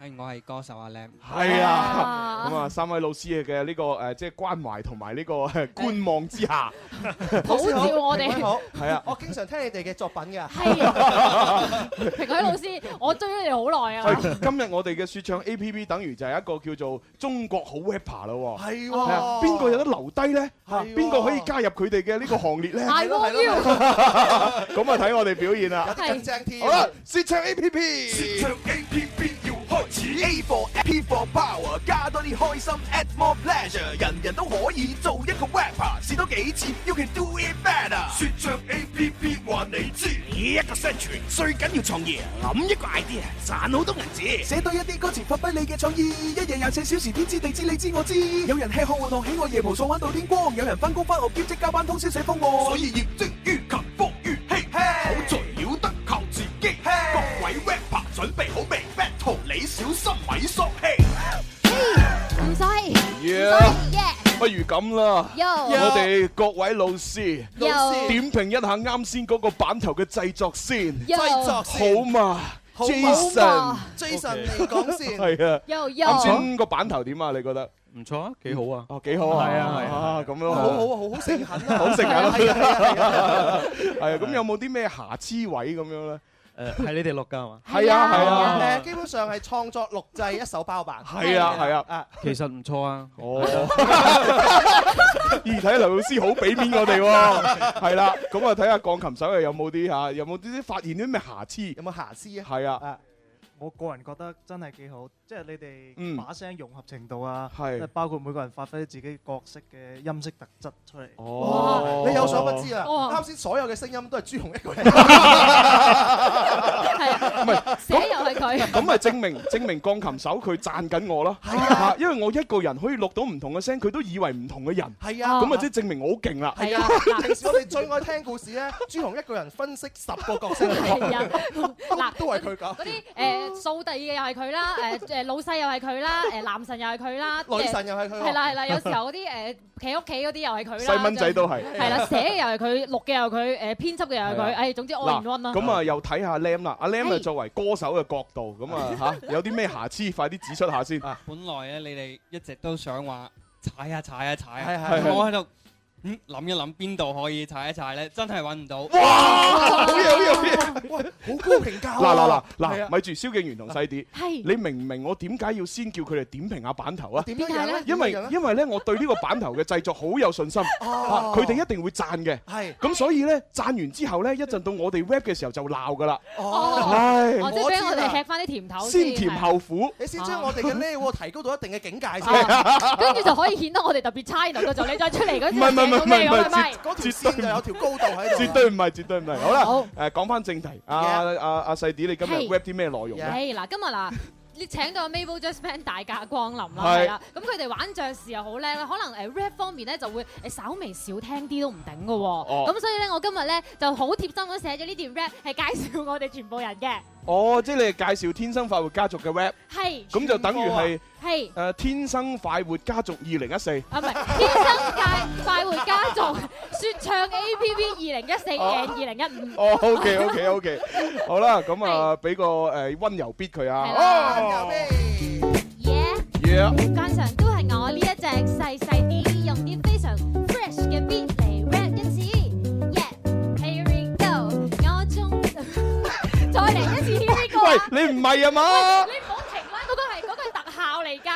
誒，我係歌手阿 a 靚，係啊，咁啊，三位老師嘅呢個誒，即係關懷同埋呢個觀望之下，好彩我哋，好係啊，我經常聽你哋嘅作品噶，評委老師，我追咗你哋好耐啊，今日我哋嘅說唱 A P P 等於就係一個叫做中國好 rapper 咯，係邊個有得留低咧？吓，邊個可以加入佢哋嘅呢個行列咧？係咯係咯，咁啊睇我哋表演啦，好啦，說唱 A P P，說唱 A P P 要開。A for A P for power，加多啲開心，add more pleasure。人人都可以做一個 rapper，試多幾次，要佢 do it better。說唱 A P P 話你知，一個宣傳最緊要創意，諗一個 idea，賺好多銀紙，寫多一啲歌詞發俾你嘅創意。一日廿四小時，天知地知，你知我知。有人吃喝玩樂，喺我夜蒲，爽玩到天光。有人翻工翻學兼職加班，通宵寫方案。所以業精於勤，福愈稀。好在 Hey! 要得靠自己，Hey! 各位 rapper 準備好未？你小心咪縮氣，唔使，不如咁啦，我哋各位老師老師，點評一下啱先嗰個版頭嘅製作先，製作好嘛？Jason，Jason 嚟講先，係啊，啱先個版頭點啊？你覺得唔錯啊？幾好啊？哦，幾好啊？係啊係啊，咁樣好好啊，好好食啊，好食，係啊。咁有冇啲咩瑕疵位咁樣咧？誒係、uh, 你哋錄㗎係嘛？係啊係啊！誒、啊啊啊、基本上係創作錄製一手包辦。係 啊係啊！啊，其實唔錯啊！哦，而睇劉老師好俾面我哋喎。係啦，咁啊睇下鋼琴手又有冇啲嚇，有冇啲啲發現啲咩瑕疵？有冇瑕疵啊？係啊！誒，uh, 我個人覺得真係幾好。即係你哋把聲融合程度啊，嗯、包括每個人發揮自己角色嘅音色特質出嚟。哇、oh, 哦！你有所不知啊，啱先、哦、所有嘅聲音都係朱紅一個人。係 啊，唔係，寫又係佢。咁咪證明證明鋼琴手佢讚緊我啦。係 啊，因為我一個人可以錄到唔同嘅聲，佢都以為唔同嘅人。係 啊，咁咪即係證明我好勁啦。係 啊， 平時我哋最愛聽故事咧，朱紅一個人分析十個角色。係 啊， 嗱，都係佢㗎。嗰啲誒掃地嘅又係佢啦，誒。誒老細又係佢啦，誒男神又係佢啦，女神又係佢，係啦，係啦，有時候嗰啲誒企屋企嗰啲又係佢啦，細蚊仔都係，係啦，寫嘅又係佢，錄嘅又佢，誒編輯嘅又係佢，誒總之我唔 on 啦。咁啊又睇下 Lam 啦，阿 Lam 啊作為歌手嘅角度，咁啊嚇有啲咩瑕疵，快啲指出下先。本來咧，你哋一直都想話踩下踩下踩下，我喺度。嗯，諗一諗邊度可以踩一踩咧？真係揾唔到。哇，好嘢好嘢，好高評價啊！嗱嗱嗱，嗱咪住蕭敬軒同細啲，係你明唔明我點解要先叫佢哋點評下版頭啊？點樣咧？因為因為咧，我對呢個版頭嘅製作好有信心，佢哋一定會讚嘅。係咁，所以咧讚完之後咧，一陣到我哋 rap 嘅時候就鬧㗎啦。哦，係，即係俾我哋吃翻啲甜頭先。先甜後苦，你先將我哋嘅 level 提高到一定嘅境界先，跟住就可以顯得我哋特別差。嗰陣你再出嚟嗰陣，唔係唔係，絕嗰條絕對有條高度喺度，絕對唔係，絕對唔係。好啦，誒講翻正題，阿阿阿細啲，你今日 rap 啲咩內容咧？係嗱，今日嗱，你請到阿 Maple Jazz Band 大駕光臨啦，係啦，咁佢哋玩爵士又好叻啦，可能誒 rap 方面咧就會誒稍微少聽啲都唔頂㗎喎。咁所以咧，我今日咧就好貼心咁寫咗呢段 rap 係介紹我哋全部人嘅。哦，即係你係介紹天生快活家族嘅 rap，係，咁就等於係，係，誒天生快活家族二零一四，啊唔係天生快快活家族説唱 A P P 二零一四定二零一五，哦，OK OK OK，好啦，咁啊俾個誒溫柔 bit 佢啊，哦，溫柔 bit，yeah，日常都係我呢一隻細細啲，用啲非常 fresh 嘅 bit 嚟 rap 一次，yeah，here we go，我中，再嚟。你唔係啊嘛？你唔好停啦，嗰個係嗰個係特效嚟㗎。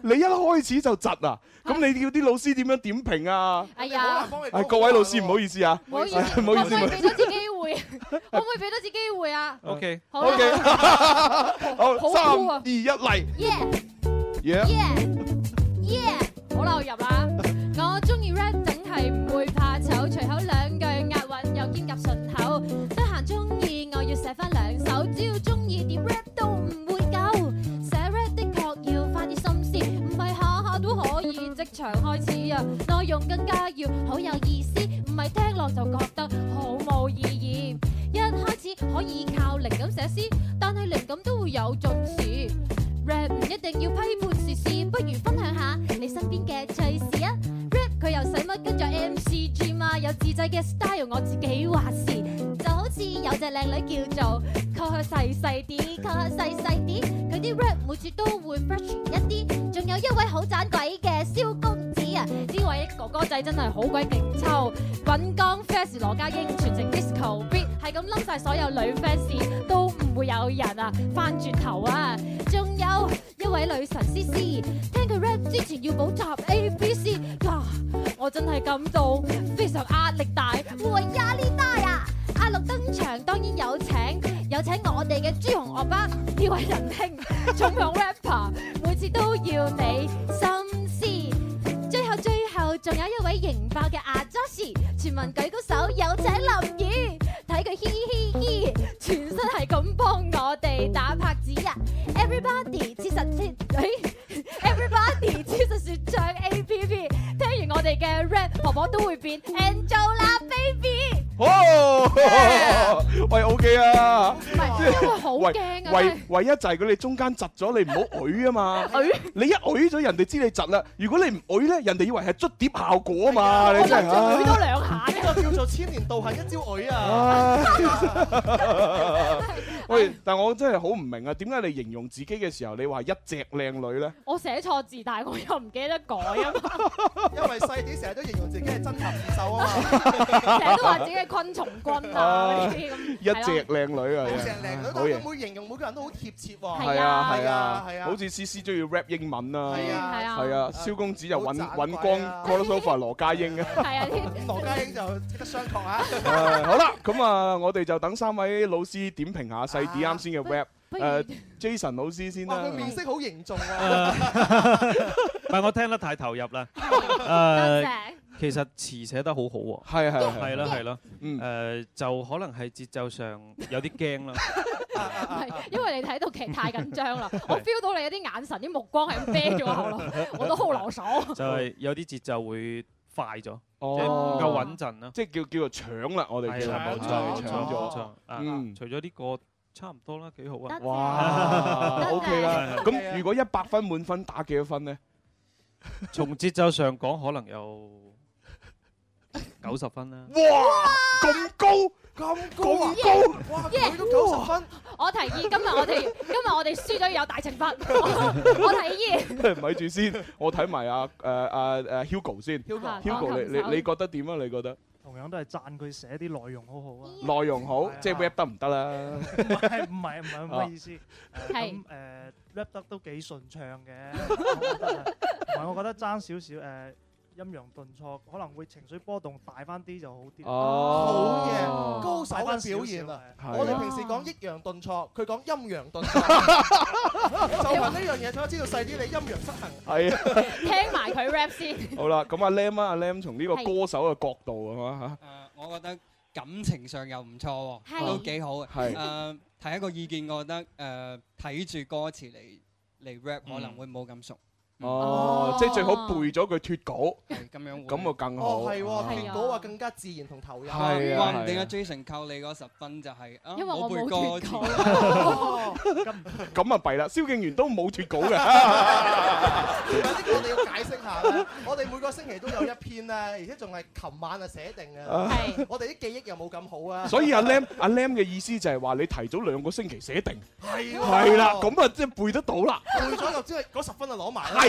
你你一開始就窒啊？咁你叫啲老師點樣點評啊？哎呀，各位老師唔好意思啊，唔好意思，唔好意思。我會俾多次機會，我會俾多次機會啊。OK，好，OK，好，三二一嚟，Yeah，Yeah，Yeah，好流入啊！我中意 rap 整係唔會怕醜，隨口兩句押韻又兼夾順口，得閒中意我要寫翻兩首，只要二點 rap 都唔會夠，寫 rap 的確要花啲心思，唔係下下都可以即場開始啊。內容更加要好有意思，唔係聽落就覺得好冇意義。一開始可以靠靈感寫詩，但係靈感都會有盡時。rap 唔一定要批判時事，不如分享下你身邊嘅趣事啊。rap 佢又使乜跟住 MCG 啊？有自製嘅 style，我自己話事。有隻靚女叫做扣下細細啲，扣下細細啲，佢啲 rap 每次都會 fresh 一啲。仲有一位好盞鬼嘅蕭公子啊，呢位哥哥仔真係好鬼勁抽，滾江 fans 羅家英全城 disco beat 係咁冧晒所有女 fans 都唔會有人啊翻轉頭啊！仲有一位女神 C C，聽佢 rap 之前要補習 A B C，嗱、啊、我真係感到非常壓力大，我壓力大啊！登場，當然有請有請我哋嘅朱紅樂巴呢位仁兄，重磅 rapper，每次都要你心思。最後最後，仲有一位型爆嘅阿 Josie，全民舉高手，有請林宇，睇佢嘻嘻嘻嘻，全身係咁幫我哋打拍子啊！Everybody，事實切，哎。我哋嘅 rap 婆婆都會變 Angel 啦，baby、哦、喂 OK 啊，係、嗯、 因為好驚啊，唯唯，唯一就係佢哋中間窒咗，你唔好舉啊嘛， 對你一舉咗人哋知你窒啦，如果你唔舉咧，人哋以為係捽碟效果啊嘛，對你真係舉多兩下呢個叫做千年道行一招舉啊， 喂，但我真係好唔明啊，點解你形容自己嘅時候，你話一隻靚女咧？我寫錯字，但係我又唔記得改啊嘛，因為。細啲成日都形容自己係真禽獸啊嘛，成日都話自己係昆蟲君啊、一隻靚女啊，成靚女，但係形容每個人都好貼切喎。係啊係啊係啊，好似 C C 中意 rap 英文啊。係啊，係啊，蕭公子就揾揾光 Call Sofa 羅家英啊，羅家英就值得商榷啊！好啦，咁啊，我哋就等三位老師點評下細啲啱先嘅 rap。誒，Jason 老師先啦。佢面色好凝重啊！但係我聽得太投入啦。誒，其實詞寫得好好喎。係係係啦係啦。嗯，就可能係節奏上有啲驚啦。係因為你睇到劇太緊張啦，我 feel 到你有啲眼神啲目光係咁啤咗我咯，我都好流爽。就係有啲節奏會快咗，即係唔夠穩陣啦。即係叫叫做搶啦，我哋搶咗搶。嗯，除咗呢個。差唔多啦，幾好啊！哇，OK 啦。咁如果一百分滿分打幾多分咧？從節奏上講，可能有九十分啦。哇！咁高咁高啊！高哇！佢都九十分。我提議，今日我哋今日我哋輸咗有大懲罰。我提議。咪住先，我睇埋阿誒阿誒 Hugo 先。Hugo，Hugo，你你覺得點啊？你覺得？同樣都係讚佢寫啲內容好好啊，內容好，即 rap 得唔得啦？唔係唔係唔係意思，咁誒 rap 得都幾順暢嘅，同埋 我覺得爭少少誒。陰陽頓挫，可能會情緒波動大，翻啲就好啲哦，好嘢，高手嘅表現啦！我哋平時講抑揚頓挫，佢講陰陽頓挫，就憑呢樣嘢，我都知道細啲你陰陽失衡。係啊，聽埋佢 rap 先。好啦，咁阿 Lam 啊，阿 Lam 從呢個歌手嘅角度啊嘛，嚇。誒，我覺得感情上又唔錯，都幾好。係誒，提一個意見，我覺得誒睇住歌詞嚟嚟 rap 可能會冇咁熟。哦，即係最好背咗佢脫稿，咁樣咁啊更好。係脫稿啊，更加自然同投入。係，唔定啊，Jason 扣你嗰十分就係，因為我冇脫稿。咁咁啊弊啦，蕭敬元都冇脫稿嘅。我哋要解釋下咧，我哋每個星期都有一篇咧，而且仲係琴晚啊寫定嘅。係，我哋啲記憶又冇咁好啊。所以阿 Lam 阿 Lam 嘅意思就係話你提早兩個星期寫定，係係啦，咁啊即係背得到啦，背咗就即係嗰十分就攞埋啦。係啦，下次靠靠外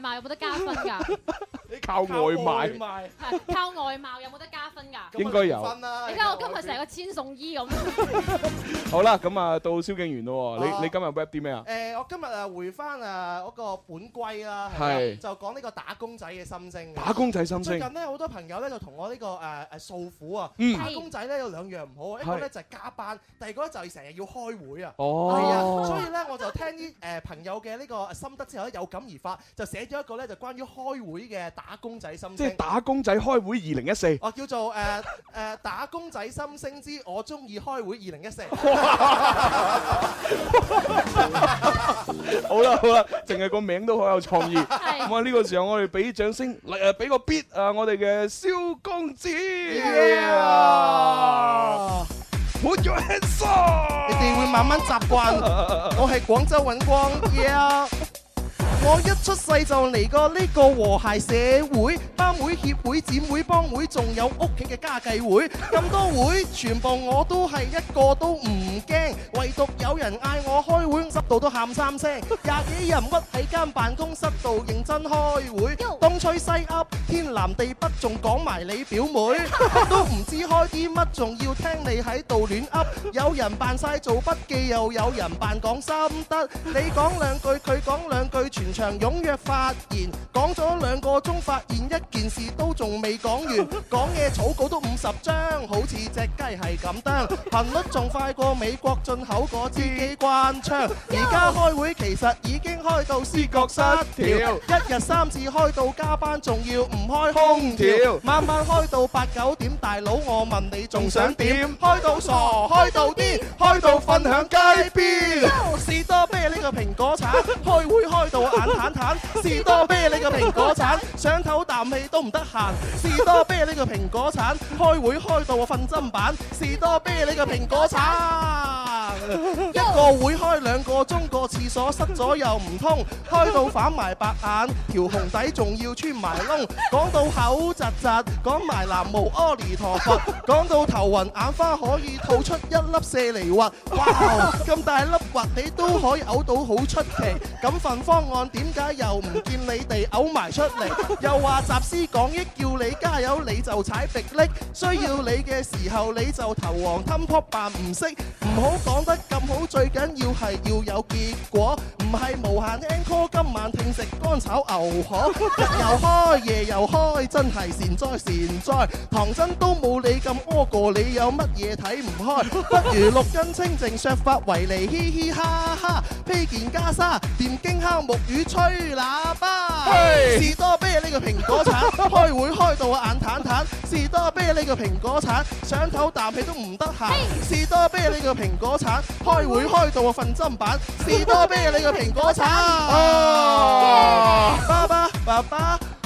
賣有冇得加分噶？你靠外賣，係靠外賣有冇得加分噶？應該有。你睇下我今日成個千送衣咁。好啦，咁啊到蕭敬元咯，你你今日 rap 啲咩啊？誒，我今日啊回翻誒嗰個本歸啦，係就講呢個打工仔嘅心聲。打工仔心聲。最近咧好多朋友咧就同我呢個誒誒訴苦啊，打工仔咧有兩樣唔好，一個咧就係加班，第二個就係成日要開會啊。哦。係啊，所以咧我就聽誒朋友嘅呢個心得之後咧有感而發，就寫咗一個咧就關於開會嘅打工仔心聲。即係打工仔開會二零一四。哦，叫做誒誒打工仔心聲之我中意開會二零一四。好啦好啦，淨係個名都好有創意。咁啊！呢個時候我哋俾掌聲嚟誒，俾個 beat 啊！我哋嘅蕭公子。Put your hands up，你哋會慢慢習慣。 我係廣州揾光，yeah。 我一出世就嚟過呢個和諧社會，班會、協會、展會、幫會，仲有屋企嘅家計會，咁多會，全部我都係一個都唔驚，唯獨有人嗌我開會，十度都喊三聲，廿幾人屈喺間辦公室度認真開會，東吹西噏，天南地北，仲講埋你表妹，都唔知開啲乜，仲要聽你喺度亂噏，有人扮晒做筆記，又有人扮講心得，你講兩句，佢講兩句，全。場踴躍發言，講咗兩個鐘，發現一件事都仲未講完，講嘢草稿都五十張，好似隻雞係咁啄，頻率仲快過美國進口支機關槍。而家開會其實已經開到思覺失調，一日三次開到加班，仲要唔開空調，晚晚開到八九點，大佬我問你仲想點？開到傻，開到癲，開到瞓響街邊。士多啤梨呢個蘋果橙，開會開到眼坦坦士多啤梨個蘋果橙，想唞啖氣都唔得閒。士多啤梨個蘋果橙，開會開到我瞓針板。士多啤梨個蘋果橙， 一個會開兩個鐘，個廁所塞咗又唔通，開到反埋白眼，條紅底仲要穿埋窿，講到口窒窒，講埋南無阿彌陀佛，講到頭暈眼花可以吐出一粒瀉痢核，哇咁、哦、大粒核你都可以嘔到好出奇，咁份方案，點解又唔見你哋嘔埋出嚟？ 又話集思廣益叫你加油，你就踩迪力。需要你嘅時候你就頭黃吞卜扮唔識，唔好講得咁好，最緊要係要有結果，唔係無限 encore。今晚聽食乾炒牛河，日又開夜又開，真係善哉善哉。唐僧都冇你咁屙過，你有乜嘢睇唔開？不如六根清淨，削髮為尼，嘻嘻哈哈，披件袈裟，念經敲木魚。吹喇叭，Hey. 士多啤梨個蘋果橙，開會開到我眼澹澹。士多啤梨個蘋果橙，想唞啖氣都唔得閒，Hey. 士多啤梨個蘋果橙，開會開到我瞓針板，士多啤梨個蘋果橙， 啊 Yeah. 爸爸，爸爸爸爸。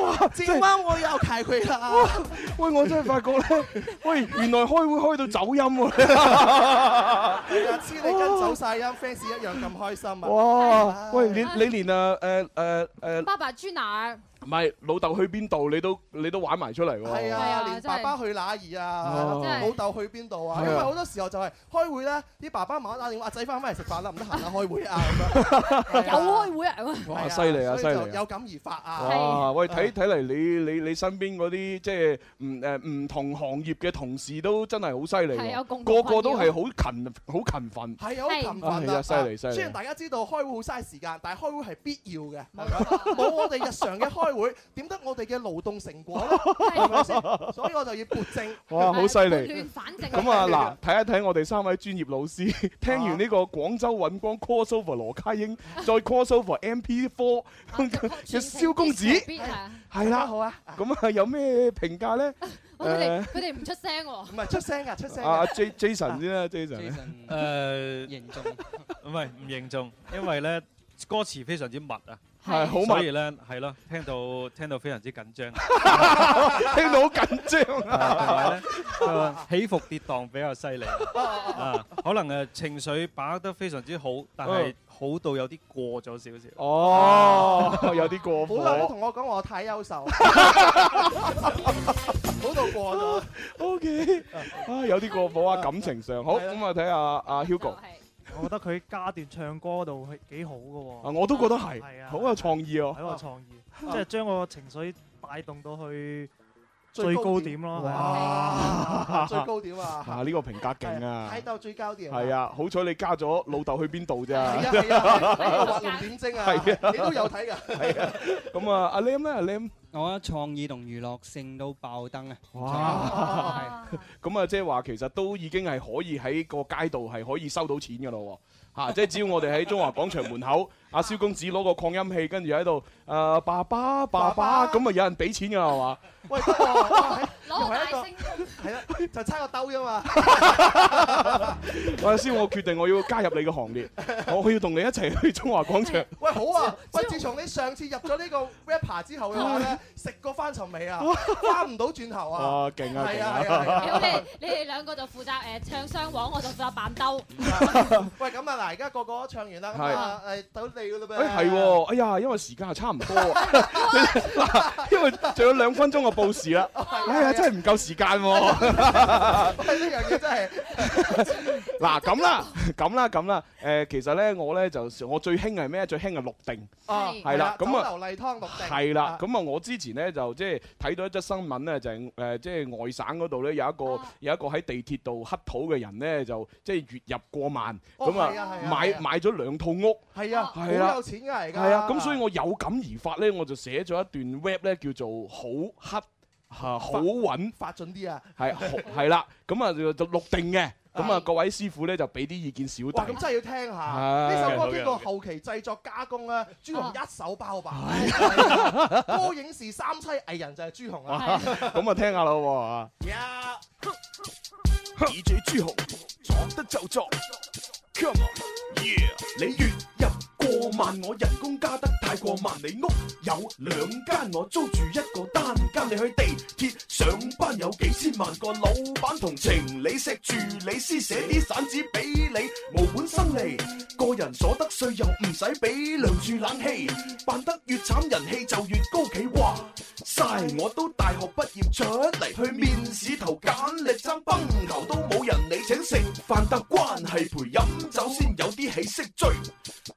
哇！今晚我又開佢啦！喂，我真係發覺咧，喂，原來開會開到走音喎！係啊，知 你跟走晒音 fans 哇一樣咁開心啊！哇！吧喂，你你連啊誒誒誒……呃呃、爸爸去哪兒唔係老豆去邊度，你都你都玩埋出嚟喎。係啊，連爸爸去哪兒啊，老豆去邊度啊？因為好多時候就係開會啦，啲爸爸媽媽打電話仔翻返嚟食飯啦，唔得閒啦，開會啊咁樣。有開會啊？哇！犀利啊！犀利。有感而發啊！哇！喂，睇睇嚟你你你身邊嗰啲即係唔誒唔同行業嘅同事都真係好犀利，個個都係好勤好勤奮。係啊，好勤奮啊！犀利犀利。雖然大家知道開會好嘥時間，但係開會係必要嘅，冇我哋日常嘅開會點得我哋嘅勞動成果咧？所以我就要撥正。哇，好犀利！撥亂反正。咁啊，嗱，睇一睇我哋三位專業老師，聽完呢個廣州尹光 call over 羅嘉英，再 call over M P Four 嘅蕭公子，係啦。好啊。咁啊，有咩評價咧？佢哋佢哋唔出聲。唔係出聲啊，出聲。啊，Jason 先啦，Jason。Jason。誒，嚴重唔係唔嚴重，因為咧歌詞非常之密啊。係好嘛？所以咧，係咯，聽到聽到非常之緊張， 聽到好緊張啊，啊！同埋咧，起伏跌宕比較犀利 啊，可能誒情緒把握得非常之好，但係好到有啲過咗少少。 哦，有啲過火。 好耐都同我講，我太優秀， 好到過咗。O、okay, K，啊，有啲過火啊，感情上好。咁了啊，睇、啊、下阿 Hugo。就是 我覺得佢家段唱歌度係幾好嘅喎，我都覺得係，好、啊啊、有創意喎、啊啊，好有創意，即係將個情緒帶動到去。最高點咯！哇，最高點啊！啊，呢個評價勁啊！睇到最高點，係啊！好彩你加咗老豆去邊度啫？係啊，你個畫龍點睛啊！你都有睇㗎，係啊！咁啊，阿 Lim 咧，阿 Lim，我覺得創意同娛樂性都爆燈啊！哇，咁啊，即係話其實都已經係可以喺個街度係可以收到錢㗎咯喎！嚇，即係只要我哋喺中華廣場門口。阿蕭公子攞個擴音器，跟住喺度誒爸爸爸爸，咁啊有人俾錢㗎係嘛？喂，攞個係一個係啦，就差個兜啫嘛。阿蕭我決定我要加入你嘅行列，我要同你一齊去中華廣場。喂，好啊！喂，自從你上次入咗呢個 rapper 之後嘅話咧，食過翻尋味啊，翻唔到轉頭啊！啊，勁啊勁啊！你好，你哋兩個就負責誒唱雙簧，我就負責扮兜。喂，咁啊嗱，而家個個都唱完啦，咁啊誒到你。哎係喎，哎呀，因為時間啊差唔多啊，嗱， 因為仲有兩分鐘就報時啦， 哎呀，真係唔夠時間喎，啊，呢樣嘢真係，嗱咁啦，咁啦，咁啦，誒，其實咧我咧就我，我最興係咩？最興係綠定啊，係啦，咁啊，流麗湯綠定係啦，咁啊以，我之前咧就即係睇到一則新聞咧，就係、是、誒，即、就、係、是、外省嗰度咧有一個 有一個喺地鐵度乞討嘅人咧，就即係月入過萬，咁啊買買咗兩套屋，係、哦、啊，好有錢㗎而家，係啊！咁所以我有感而發咧，我就寫咗一段 rap 咧，叫做好黑嚇好穩，發進啲啊，係係啦，咁啊就錄定嘅。咁啊各位師傅咧就俾啲意見小弟，哇！咁真係要聽下呢首歌，邊個後期製作加工咧，朱紅一手包辦。歌影視三棲藝人就係朱紅啊！咁啊聽下啦喎。一，二嘴朱紅，作得就作，Come on，yeah，你越入。過萬我人工加得太過萬，你屋有兩間我租住一個單間，你去地鐵上班有幾千萬個，老闆同情你食住你私寫啲散紙俾你，冇本生利，個人所得稅又唔使俾，涼住冷氣，辦得越慘人氣就越高企，哇曬我都大學畢業出嚟去面試投簡歷爭崩頭都冇人，你請食飯得關係陪飲酒先有啲起色，最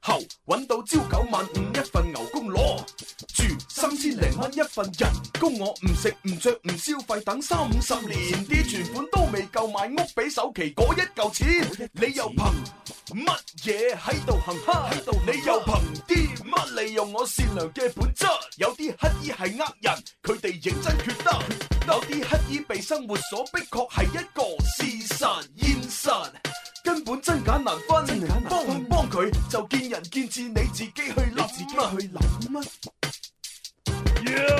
後。揾到朝九晚五一份牛工攞住三千零蚊一份人工。我唔食唔着、唔消費等三五十年，啲存款都未夠買屋俾首期嗰一嚿錢，錢你又憑乜嘢喺度行乞，喺度，你又憑啲乜利用我善良嘅本質？有啲乞衣係呃人，佢哋認真缺德，有啲乞衣被生活所逼，確係一個事實現實。根本真假難分，真幫唔幫佢 就見仁見智，你自己去諗，你自己去諗啊！Yeah!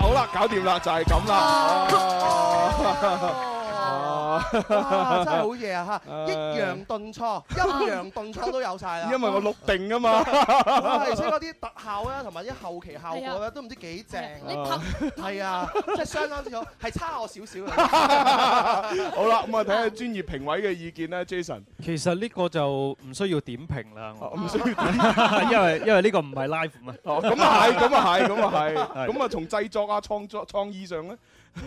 好啦，搞掂啦，就係咁啦。哦，真係好嘢啊！嚇，抑揚頓挫，抑揚頓挫都有晒啦。因為我錄定㗎嘛，所以嗰啲特效啊，同埋啲後期效果咧，都唔知幾正。你拍係啊，即係相當之好，係差我少少。好啦，咁啊睇下專業評委嘅意見咧，Jason。其實呢個就唔需要點評啦，唔需要，因為因為呢個唔係 live 嘛。咁啊係，咁啊係，咁啊係，咁啊從製作啊創作創意上咧。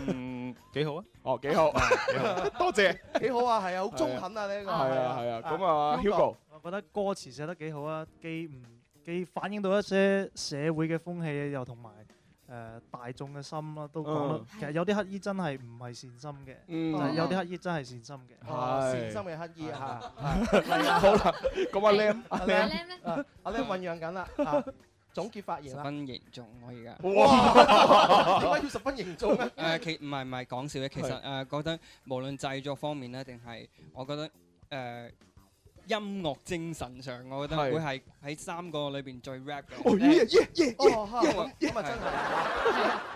嗯，幾好啊！哦，幾好，多謝，幾好啊！係啊，好中肯啊！呢個係啊係啊，咁啊，Hugo，我覺得歌詞寫得幾好啊，既唔既反映到一些社會嘅風氣，又同埋誒大眾嘅心咯，都覺得，其實有啲乞衣真係唔係善心嘅，但係有啲乞衣真係善心嘅，善心嘅乞衣啊，好啦，咁阿 Lam，Lam，阿 Lam 醞釀緊啦。總結發言十分嚴重，我而家哇！點解 要十分嚴重咧、啊？誒，其唔係唔係講笑嘅，其實誒是的、啊、覺得無論製作方面咧，定係我覺得誒。呃音樂精神上，我覺得會係喺三個裏邊最 rap 嘅。耶耶耶耶耶耶，今日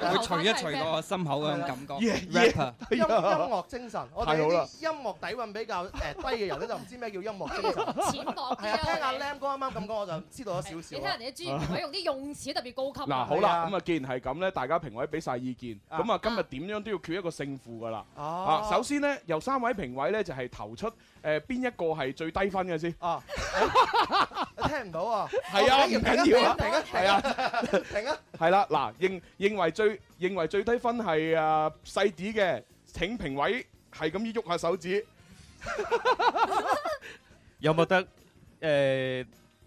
就佢捶一捶我心口嗰種感覺。Yeah, yeah, rapper 音音樂精神，我睇哋啲音樂底蘊比較誒低嘅人咧， 就唔知咩叫音樂精神。 淺薄，係啊，聽阿 Lam 哥啱啱咁講，我就知道咗少少。其他人哋都知，佢用啲用詞特別高級。嗱好啦，咁啊，既然係咁咧，大家評委俾晒意見，咁啊，今日點樣都要決一個勝負㗎啦。啊，uh，首先呢，由三位評委咧就係、是、投出。誒邊、呃、一個係最低分嘅先？啊，欸、 聽唔到啊！係啊，唔、哦啊、緊要啊！停啊！係啊，停啊！係啦，嗱，認認為最認為最低分係啊細子嘅，請評委係咁意喐下手指， 有冇得誒？呃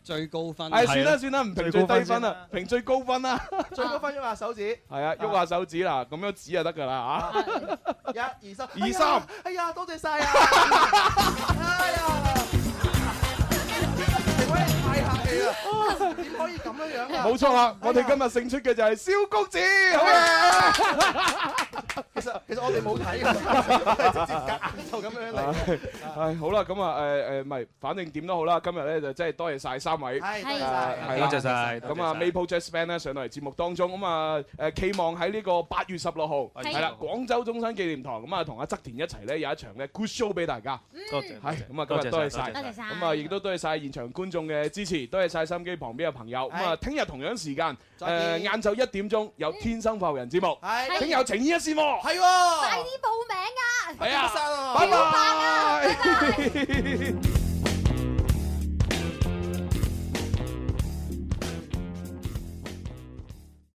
最高分，係算啦算啦，唔評最低分啦，最分啊、評最高分啦、啊， 最高分喐下手指，係啊喐下手指啦，咁 樣指就得噶啦嚇，一、二、三、二、三，哎呀多謝晒啊！點可以咁樣樣啊？冇錯啦，我哋今日勝出嘅就係蕭公子，好嘅。其實其實我哋冇睇，直接夾硬到咁樣嚟。唉，好啦，咁啊，誒誒，唔係，反正點都好啦，今日咧就真係多謝晒三位，係係，多謝晒。咁啊，Maple Jazz Band 咧上到嚟節目當中，咁啊，誒，期望喺呢個八月十六號係啦，廣州中山紀念堂，咁啊，同阿側田一齊咧有一場嘅 Good Show 俾大家。多謝係，咁啊，今日多謝晒，多謝晒。咁啊，亦都多謝晒現場觀眾嘅支持，多。晒心機旁邊嘅朋友，咁啊，聽日同樣時間，誒，晏晝一點鐘有《天生快活人》節目，係，聽有情意一線喎，係喎，快啲報名啊！係啊，拜拜，拜拜。